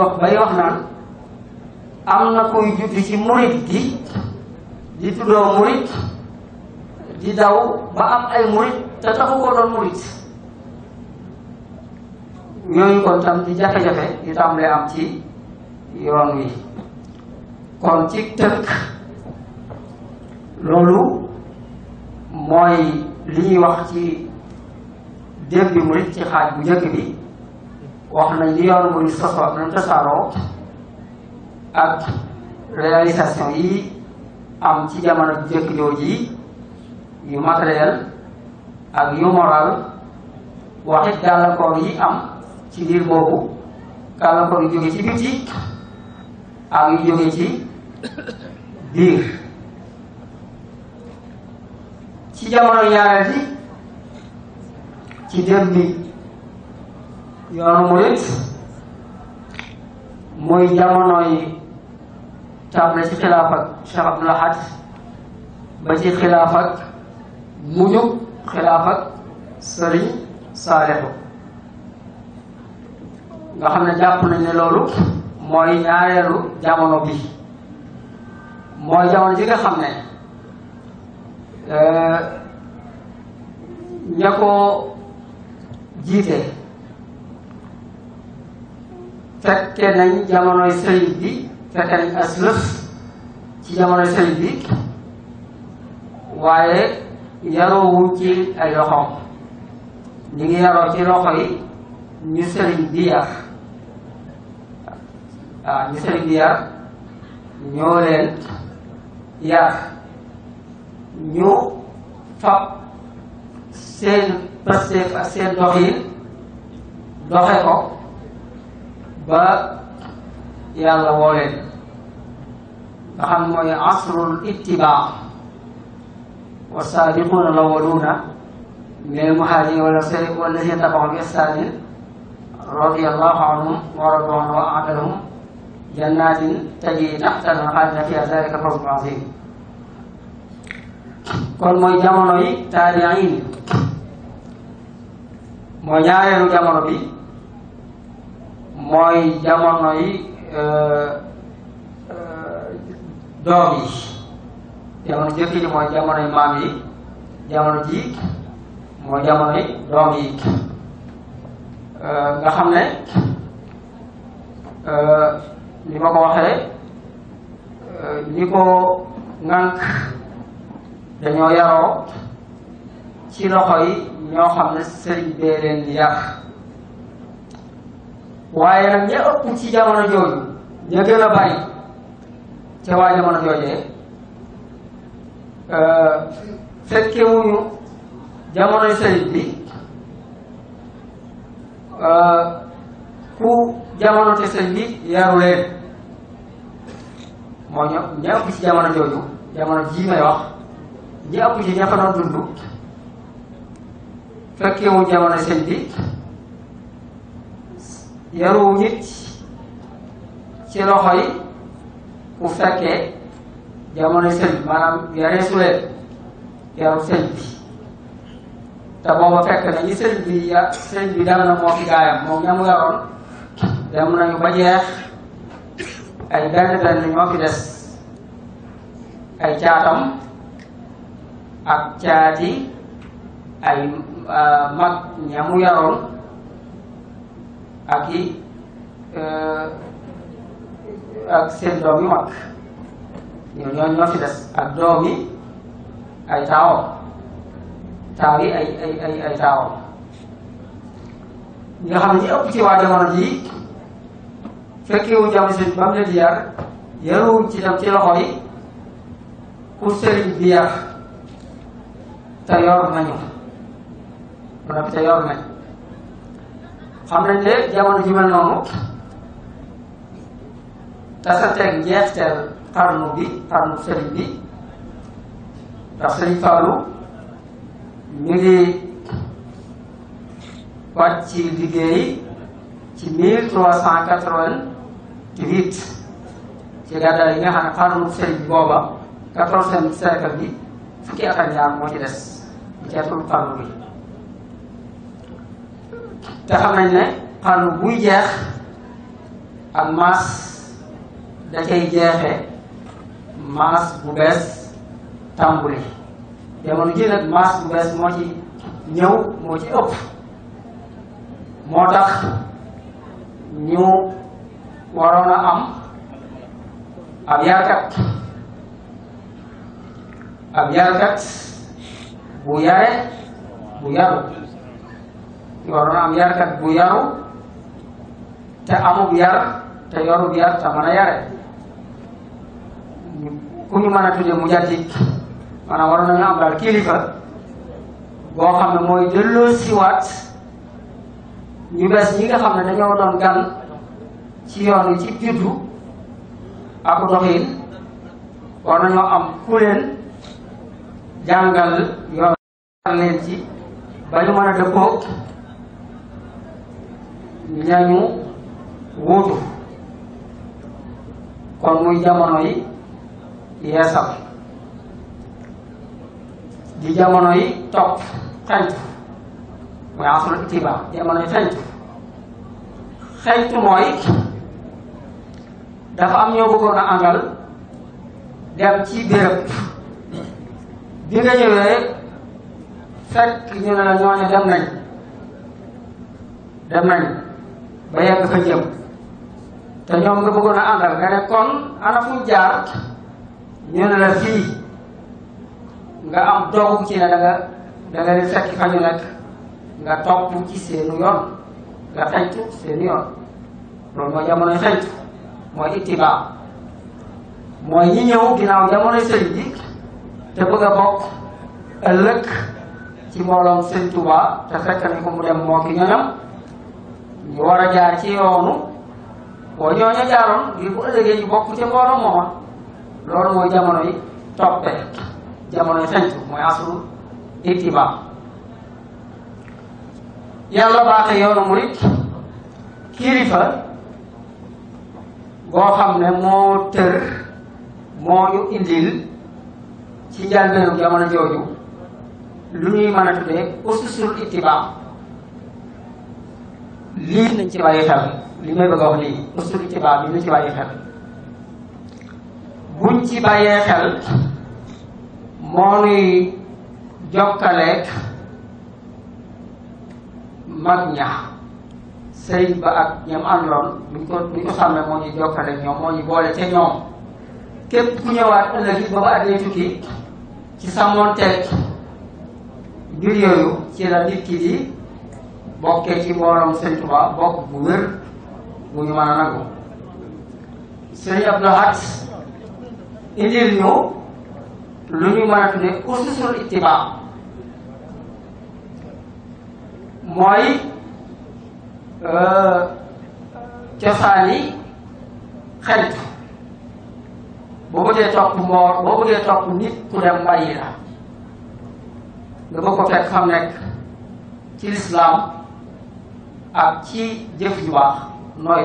A: wax bay wax naan am na koy juddi ci murit gi di tuddoo murit di daw ba am ay murit te taxu ko doon murit tam di jafe-jafe yu tàmbalee am ci yoon wi kon ci tëkk mooy li ñuy wax ci dégg murit ci xaaj bu njëkk bi wax na li yoon murit sosoo ak nañ tasaaroo ak réalisation yi am ci jamono bu njëkk yi yu matériel ak yu moral waxit gàllankoor yi am ci biir boobu gàllankoor yu jóge ci biti ak yu jóge ci biir ci jamono ñaareel ji ci dém bi yoonu murit muy jamonoy tàmbale ci xilaaf ak Cheikh Abdoul Ahad ba ci xilaaf ak muñu xilaaf ak nga xam ne jàpp nañ ne loolu mooy ñaareelu jamono bi mooy jamono ji nga xam ne euh, ña ko jiite fekke jamonoy sëriñ bi fekke nañ ci jamonoy sëriñ bi waaye yaroowuñ ci ay loxoom ñu ngi yaroo ci loxo yi ñu bi yar waaw ah, ñu sëriñ bi yar ñoo leen yar ñu fab seen pasteef ak seen dox yi doxe ko ba yàlla woo leen nga xam mooy asrul ittibaa wa saabiquuna lawaluuna min almuhaajiri wala sari wallazina tabaxu bi ihsaanin radiyallahu anhum wa radu anhu wa anhum jannaatin tajri taxta al-anhaar fiihaa zaalika fawzun aziim kon mooy jamono yi taabi'iin mooy ñaareelu jamono bi mooy jamono yi euh, euh, doom yi jamono jëkk ji mooy jamono yi maam yi jamono ji mooy jamono doom yi euh, nga xam ne li ma ko waxee ñi ko ŋànk dañoo yaroo ci loxo yi ñoo ne sëriñ bee leen yar waaye nag ña ëpp ci jamono jooju ña gën a bari ca waa jamono joojee euh, fekkewuñu jamonoy bi euh, ku jamono te sëñ bi yaru leen moo ño ñi ëpp ci jamono jooju jamono jii may wax ñi ëpp nga ña fa doon dund fekkewu jamono sëñ bi yaruwu nit ci loxo yi ku fekkee jamono sëñ bi maanaam yaru sëñ bi te booba fekk na ñi sëñ bi ya sëñ bi dal na moo fi gaayam moom dem nañu ba jeex ay benn benn ñoo fi des ay caatam ak caati ay euh, mag ñamu yaroon ak i euh, ak seen doom mag ñoo ñoo ñoo fi des ak yi ay taawam taaw yi ay ay ay ay taawam nga xam fekkewu jàmm sëñ ba mu leen di yar yaruwuñ ci dem ci loxo yi ku sëriñ bi yar te yor nañu maanaam te yor nañ xam nañ jamono ju mel noonu bi xarnu sëriñ bi ndax sëriñ Fallou ñu ngi wàcc ci liggéey ci mille trois cent quatre-vingt ci nit ci gàddaay yi nga xam ne xarnu booba quatorzième siècle bi fukki at ak moo ci des mu ceetul xarnu bi te xam nañ ne xarnu buy jeex ak maas da cay jeexee maas bu bees tàmbuli jamono ji nag maas bu bees moo ci ñëw moo ci ëpp moo tax ñu waroon a am ab yarkat ab yarkat bu yare bu yaru waroon a am yarkat bu yaru te amub yar te yorub yar te mën a yare ku ñu mën a tuddee mu jàddik maanaam waroon nañu am daal kilifa boo xam ne mooy delloo siwaat ñu bees nga xam ne dañoo doon gan ci yoon ci juddu ak doxiin war nañoo am ku leen jàngal yoon leen ci ba ñu mën a dëppoo ñañu wuutu kon muy jamono yi yeesal di jamono yi topp xentu muy asul ittiba jamono yi xentu xentu dafa am ñoo bëggoon a àndal dem ci béréb bi nga ñëwee fekk ñu ne la ñooñu dem nañ dem nañ ba yegg fa te ñoom nga bëggoon a àndal nga ne kon ana fu jaar ñu ne la fii nga am dogu ci ne da nga da fekk fa nekk nga topp ci seenu yoon nga xëytu seenu yoon loolu mooy jamonoy xëytu mooy ittiba mooy ñi ñëw ginnaaw jamono sëñ te bëgg a bokk ëllëg ci mbooloom sëñ Tuba te fekk ni ko mu dem moo ki ñoñam ñu war a jaar ci yoonu boo ñooñu jaaroon ngir bu ëllëgee ñu bokk ci mbooloom mooma loolu mooy jamono yi toppe jamono yi sañtu mooy asru ittiba yàlla baaxe yoonu murit kilifa boo xam ne moo tër moo ñu indil ci njàlbeenu jamono jooju lu ñuy mën a ususul ittibaa lii nañ ci bàyyi xel li may bëgg a wax lii ususul ittibaa nañ ci bàyyi xel buñ ci bàyyee xel moo nuy jokkaleek mag ña sëriñ ba ak ñoom àndoon ko buñ ko xàmme jokkale ak ñoom boole ca ñoom képp ku ñëwaat ëllëg ba ba àddee ci sàmmoon teeg mbir ci la nit di bokkee ci mbooloom Sëriñ Tuubaa bokk bu wér bu ñu mën a nangu sëriñ Abdou Lahad indil ñu lu ñu mën a tudde ususul ittibaa mooy Euh, cosaani xent boo bëggee topp mboor boo bëggee topp nit ku dem bàyyi la nga bëgg ko fekk xam nekk ci ak ci jëf ju baax nooy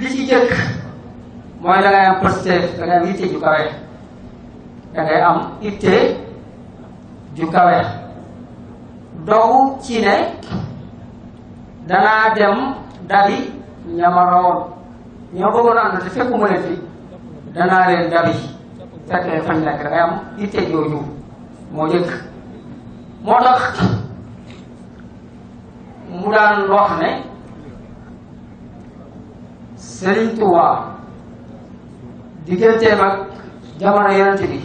A: li ci jëkk mooy da ngay am positif da ngay am yitte ju kawe da ngay am itte ju kawe dogu ci dana dem dali ña ma rawoon ñoo bëggoon ànd te fekku ma leen fi danaa leen dabi fekkee fañ nekk da am itte jooju moo jëkk moo tax mu daan wax ne Sëriñ Tuubaa digganteem ak jamono yonente bi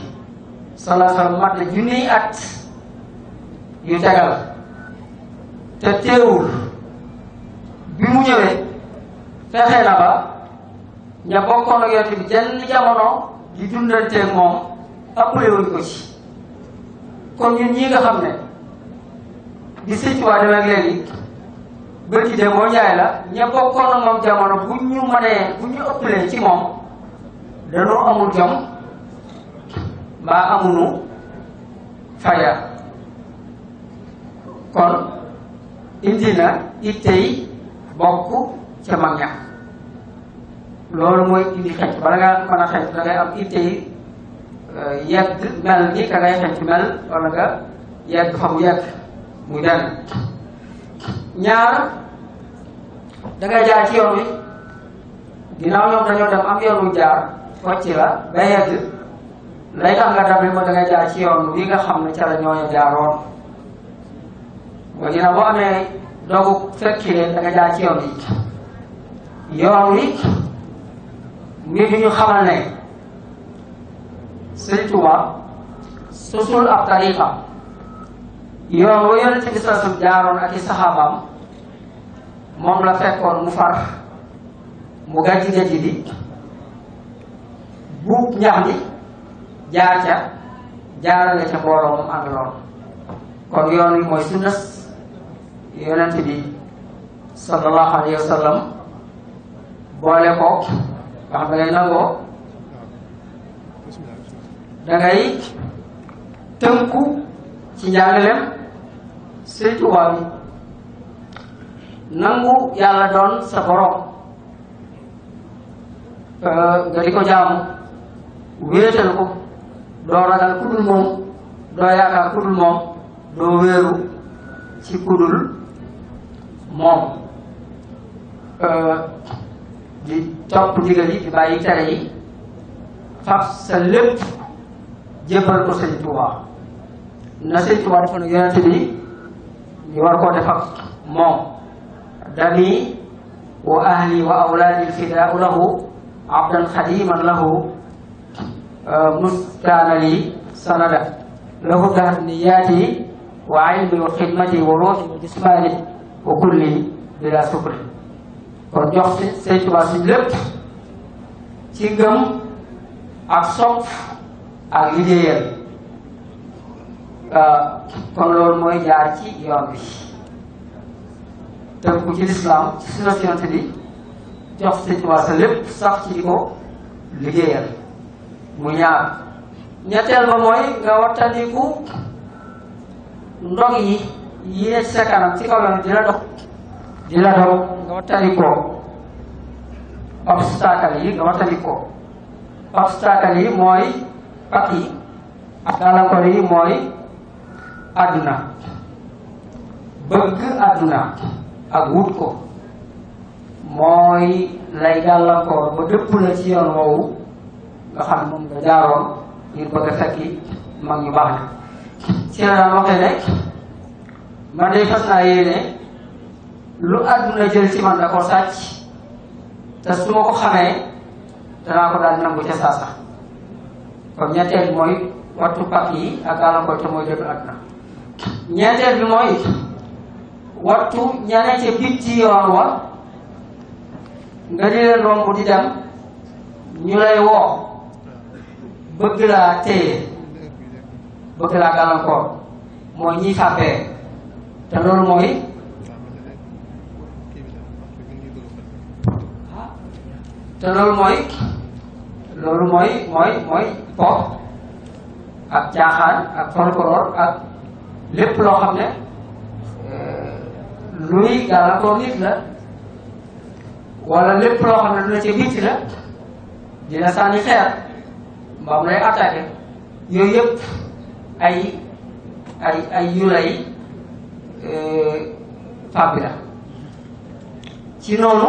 A: salaasal mat na at yu tegal te teewul bi mu ñëwee fexe na ba ña bokkoon ak yonent bi jenn jamono di dundanteeg moom appelé ko ci kon ñun ñi nga xam ne di Sëñ Tuubaa demee ak léegi bëti de boo njaay la ña bokkoon ak moom jamono bu ñu mënee bu ñu ëppalee ci moom danoo amul jom mbaa amunu faya kon indi na it tey bokk ca mag loolu mooy indi xecc bala nga mën a xecc da ngay am itte yi euh, mel ni ka ngay xecc mel wala nga yegg fa mu yegg ñaar da ngay jaar ci yoon wi ginnaaw ñoom dañoo dem am yoon wu jaar focc la ba yegg lay tax nga dab li ma da jaar ci yoon wi nga xam ne ca la ñooñu jaaroon mooy ginnaaw boo amee doogu fekki leen da nga jaar ci yoon wi yoon wi ngir ñu xamal ne Sëriñ Tuuba susul ab tariqa yoon wa yonente bi sallallahu jaaroon ak i saxaabaam moom la fekkoon mu far mu gàjji gàjji bi buub ñax mi jaar ca jaarale ca mbooloo moom àndaloon kon yoon mooy sunna yonent bi sallallahu alayhi wa boole ko nga xam da ngay nangoo tënku ci njàngaleem Sëñ Tuubaa bi nangu yàlla doon sa borom euh, nga di jaamu wéetal ko doo ragal ku moom doo yaakaar ku moom doo wéeru ci ku moom di topp ndigal yi di bàyyi tere yi fab sa lépp jébbal ko sëñ Tuubaa na sëñ Tuubaa defoon yonent bi ñu war koo def ak moom dami wa ahli wa awlaadi fidaau lahu abdan xadiman lahu mustaanali sanada lahu garniyaati wa ilmi wa xidmati wa ruuxi wa jismaani wa kulli bi la sukri kon jox si sëñ Tuubaa si lépp ci ak sopp ak liggéeyal ah, kon loolu mooy jaar ci yoon bi tënku ci lislaam ci sunna yonent bi jox sëñ Tuubaa sa lépp sax ci ko liggéeyal mu ñaar ñetteel ba mooy nga wattandiku ndog yi yéeg sa kanam ci kaw yoon di la dox di la dox nga wattali ko obstacle yi nga wattali ko obstacle yi mooy pakk yi ak gàllankoor yi mooy àdduna bëgg àdduna ak wut ko mooy lay gàllankoor ba dëpp la ci yoon woowu nga xam moom nga jaaroon ngir bëgg a mag ñu baax na ci la waxee ne man day fas naa yéene lu àdduna jël ci man da koo te su ma ko xamee danaa ko daal nangu ca saasa kon ñetteel mooy wattu pàkk yi ak gàllankoor te mooy dëddu àdduna ñeenteel bi mooy wattu ñeneen ca bitti yoon nga di leen romb di dem ñu lay woo bëgg laa téye bëgg laa gàllankoor mooy ñiy fàbbee te loolu mooy te loolu mooy loolu mooy mooy mooy pop ak caaxaan ak korkoroor ak lépp loo xam ne luy gàllankoor nit la wala lépp loo xam ne lu ne ca bitti la dina sànni xeer mbaam lay attaqué yooyu ay ay ay yu lay pape euh, bi ci noonu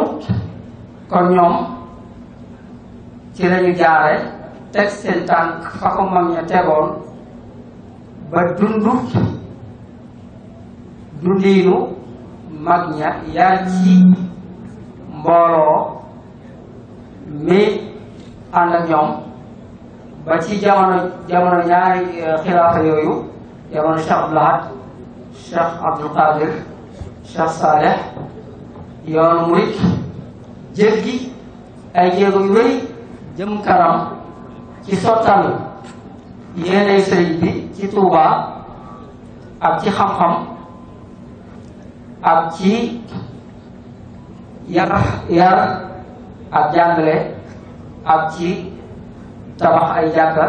A: kon ñoom ci lañu jaare teg seen tànk fa ko mag ña tegoon ba dundu dundiinu mag ña yar ci mbooloo mi ànd ñoom ba ci jamono jamono ñaari euh, xilaafa yooyu jamono Cheikh Abdoul Cheikh Abdou Qadir Cheikh Saleh yoonu murit ay jéego yu wéy jëm kanam ci sottal yéene sëriñ bi ci Tuubaa ak ci xam-xam ak ci yar yar ak jàngale ci tabax ay jàkka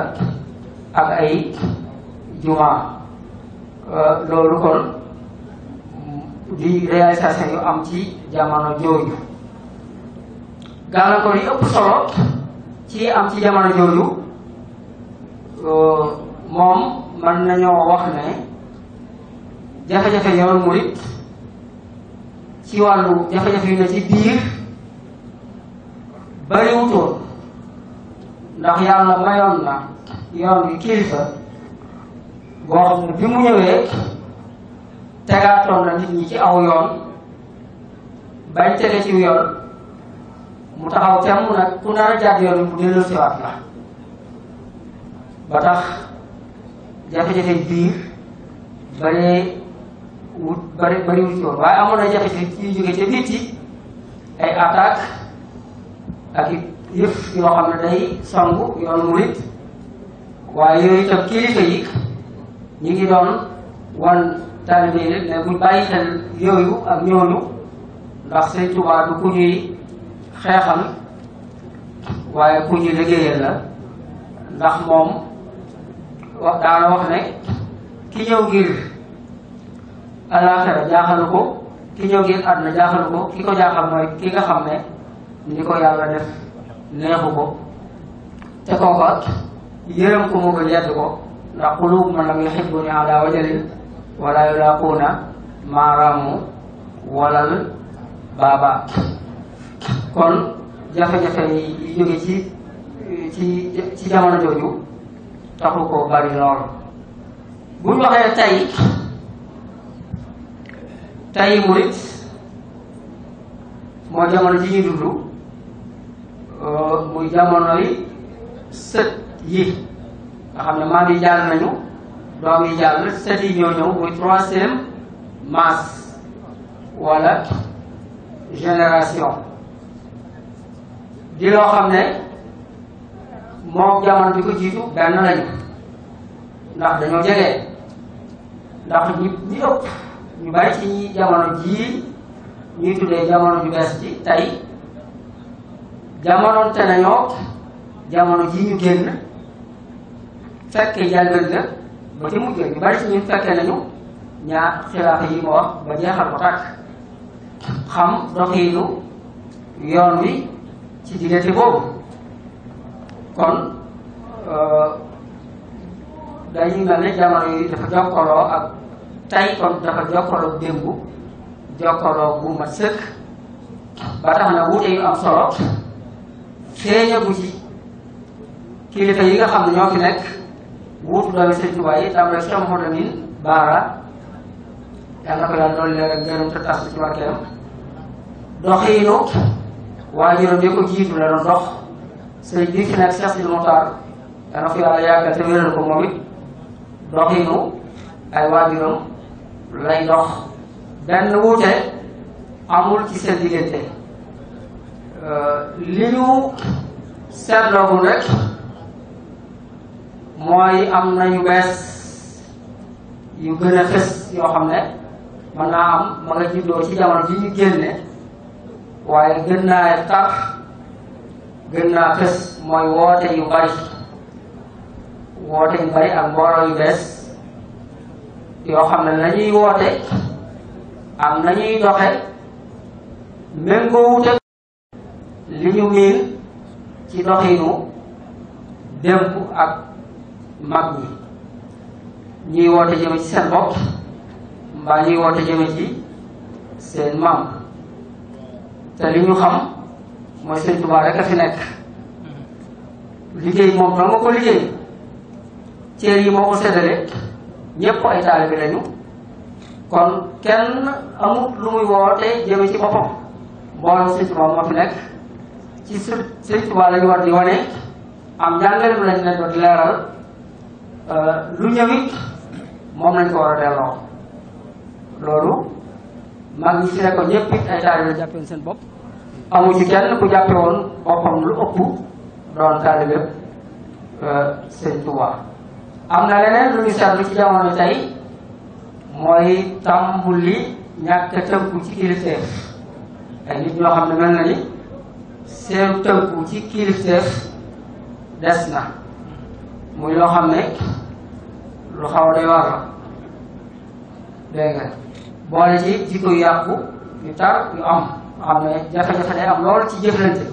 A: ak ay jumaa loolu kon di réalisation yu am ci jamono jooju gàllankoor yi ëpp solo ci am ci jamono jooju euh, moom mën nañoo wax ne jafe-jafe yoonu murit ci wàllu jafe-jafe yu ne ci biir bariwutoon ndax yàlla mayoon na yoon bi kilifa boo xam ne bi mu ñëwee tegaatoon na nit ñi ci aw yoon bañ tege ci mu taxaw temm nag ku nar a jàdd yoon bi mu delloo siwaat la ba jafe-jafe biir bari wut bari bari wut yoon waaye amoon na jafe-jafe ci jóge ca biti ay attaque ak day songu yoonu murit waaye yooyu itam kilifa yi ñu ngi doon wan taalibe yi ne buñ bàyyi xel yooyu ak ñooñu ndax Sëñ Tuubaa ku ñuy xeexal waaye ku ñuy liggéeyal la ndax moom wax daana wax ne ki ñëw ngir alaaxira jaaxalu ko ki ñëw ngir àdduna jaaxalu ko ki ko jaaxal mooy ki nga xam ne ni ko yàlla def neexu ko te kooka yërëm ko moo gën yedd ko ndax xuluub man lam yuxibbuni ala wajali wala yulaaquuna maaraamu walal baaba kon jafe-jafe yi jóge ci ci ci jamono jooju taxu ko bari lool buñ waxee tey tey murit moo jamono ji ñuy dund euh, muy jamonoy sët yi nga xam ne maam yi jàll nañu doom yi jàll set yi ñoo ñëw muy troisième masse wala loo xam ne moom jamono bi jiitu benn lañu ndax dañoo jege ndax ñi ñi ëpp ñu bari ci ñi jamono jii ñuy tuddee jamono ju bees ci tey jamonoonte nañoo jii ñu génn fekkee njëlbéen ga ba ca mujj ñu bari ci ñun fekkee nañu ñaar xilaafa yi ma wax ba jeexal ko tàkk xam doxiinu yoon wi ci diggante boobu kon euh, dañuy mel ne jamono yooyu dafa jokkaloo ak tey kon dafa jokkaloo démb jokkaloo bu sëkk ba tax na wuute yu am solo feeñagu ci kilifa yi nga xam ne ñoo fi nekk wuutu doomi sëñ Tuubaa yi tàmbale si tam xoto nii baara yàlla na ko yàlla doon leer ak gërëm te tax ci barkeem doxiinu waajuram yi jiitu la doon dox sëñ bi fi nekk Cheikh Sidi Moutar yàlla na ko yàlla wéral ko moom it doxiinu ay waajuram lay dox benn wuute amul ci seen diggante euh, li ñu seetloo rek mooy am nañu bees yu gën a fës yoo xam ne mën naa am ma nga juddoo ci jamono ji ñu génne waaye gën naa tax gën naa fës mooy woote yu bari woote yu bari ak mbooloo yu bees yoo xam ne nañuy woote am nañuy doxe méngoo wute li ñu miin ci doxinu démb ak mag ñi ñuy woote jëme ci seen bopp mbaa ñuy woote jëme ci seen maam te li ñu xam mooy sëñ Tuubaa rek a fi liggéey moom danga ko liggéey cër moo ko séddale ñépp ay taalibe lañu kon kenn amut lu muy woote jëme ci boppam mboolem sëñ Tuubaa moo fi ci sëñ Tuubaa lañu war di wane am jàngale mu lañ leen di leeral Eh, lu ñëw it moom lañ ko war a delloo loolu mag ñi fi nekkoon ñëpp ay taalibe la jàppewoon seen bopp amu ci kenn ku jàppe woon boppam lu ëpp doon taalibe eh, sëñ Tuubaa am na leneen lu ñu seetlu ci jamono tey mooy tàmbuli ñàkk tënku ci kilifteef ay nit ñoo xam ne mel na seen tënku ci kilifteef des na muy loo xam ne lu xaw day war la dégg nga boole ci jikko yu yu tar yu am xam ne jafe-jafe day am lool ci jëflante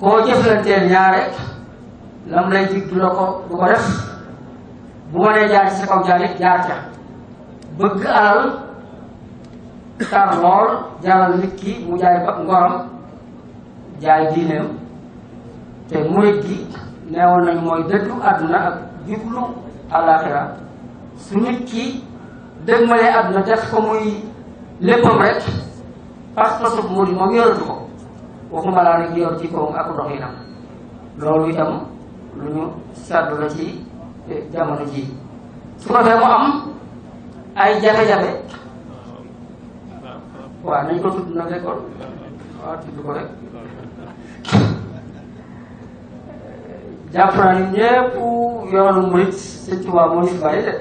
A: koo jëflanteel ñaare lam lay dig du la ko du ko def bu ma nee jaar ci sa kaw jaar it jaar ca bëgg alal tar lool jaral nit mu jaay ba ngoram jaay diineem te murit gi neewoon nañ mooy dëddu àdduna ak jublu àllaaxira su nit ki dëgmale àdduna def ko muy léppam rek pas-pasub murid moom yoratu ko waxuma laa nag yor jikkoom ak doxinam loolu itam lu ñu sàddu la ci eh, jamono ji su ko defee mu am ay jafe-jafe waaw nañ ko tudd nag rek kon waaw tudd ko rek jàpp naa ni ñëpp yoonu murit sëñ Tuubaa moo ñu bàyyi de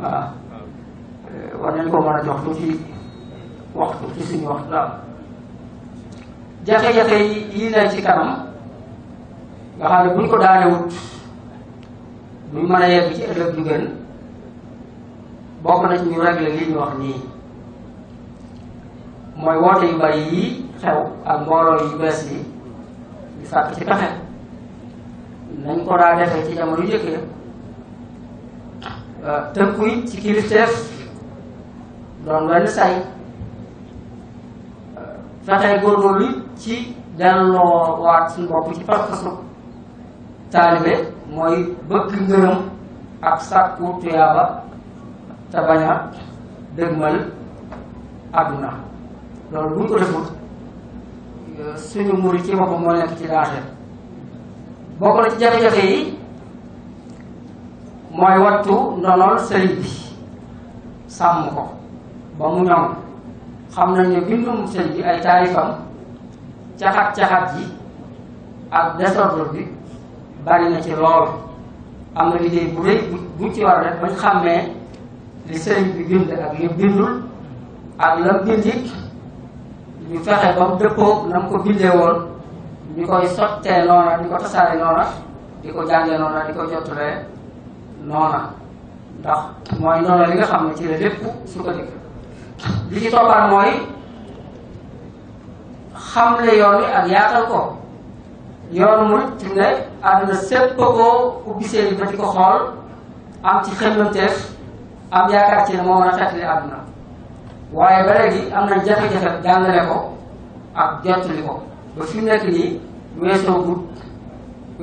A: waaw euh, nañ ko mën a jox tuuti waxtu ci suñu waxtu daal jafe-jafe yi ne ci kanam nga xam ne buñ ko daanewut duñ mën a yegg ci ëllëg ju gën na ci ñu réglé li ñu wax nii mooy woote yu bari yi xew ak mbooloo yu bees bi ñu nañ ko daa defee ci jamono yu njëkk ya ah, tëkkuy ci kilifteef doon wenn say ah, fexee góorgóorlu ci delloo waat suñu bopp ci pas-pasu taalibe mooy bëgg ngërëm ak sàkku tuyaaba te bañ a dëgmal loolu buñ ko defut ah, suñu muri ci boppam moo nekk ci daaxir bokk na ci jafe-jafe yi mooy wattu ndonol sëriñ bi sàmm ko ba mu ñoom xam nañ ne bindum sëriñ bi ay taarifam caxat-caxat ji ak désordre bi bari na ci lool am na liggéey bu rëy buñ ci war a def bañ xàmmee li sëriñ bi bind ak li bindul ak la bindit ñu fexe ba mu dëppoo na mu ko bindee woon di koy sottee noona di ko tasaare noona di ko jàngee noona di ko jottalee noona ndax mooy noona li nga xam ne ci la lépp sukkandiku li ci toppaat mooy xamle yoon wi ak yaatal ko yoon mu ci ne àdduna sépp koo ubbi seen ba ko xool am ci xemmanteef am yaakaar ci ne moo mën a xeetli àdduna waaye ba léegi am nañ jafe-jafe jàngale ko ak jottali ko ba fi mu nekk nii weesoo gu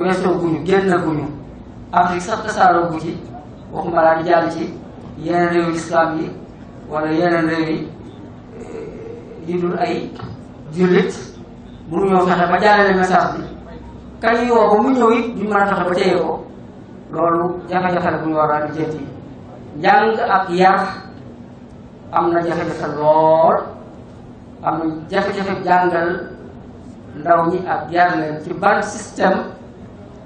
A: weesoo guñu génn guñu Afrique sax tasaaroo gu ci waxuma laa di jàll ci yeneen réew islam yi wala yeneen réew yi eh, yu dul ay jullit mënuñoo fexe ba jàllale message bi kañ yoo ko mu ñëw it duñ mën a fexe ba téye ko loolu jafe-jafe la bu ñu war a lijjanti njàng ak yar am na jafe-jafe lool am na jafe-jafe jàngal ndaw ñi ak yar leen ci ban système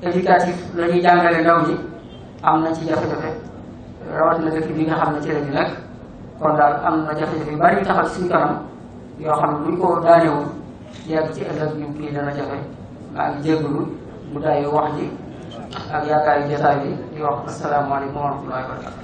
A: éducatif la ñuy ndaw ñi am na ci jafe-jafe rawatina dëkk bi nga xam ne ci la ñu nekk kon daal am na jafe-jafe bari taxaw suñu kanam yoo xam ne buñ ko daanewul yegg ci ëllëg ñu kii dana jafe maa ngi jégalu mu daayu wax ji ak yaakaar yu jotaay wax asalaamaaleykum wa rahmatullahi wa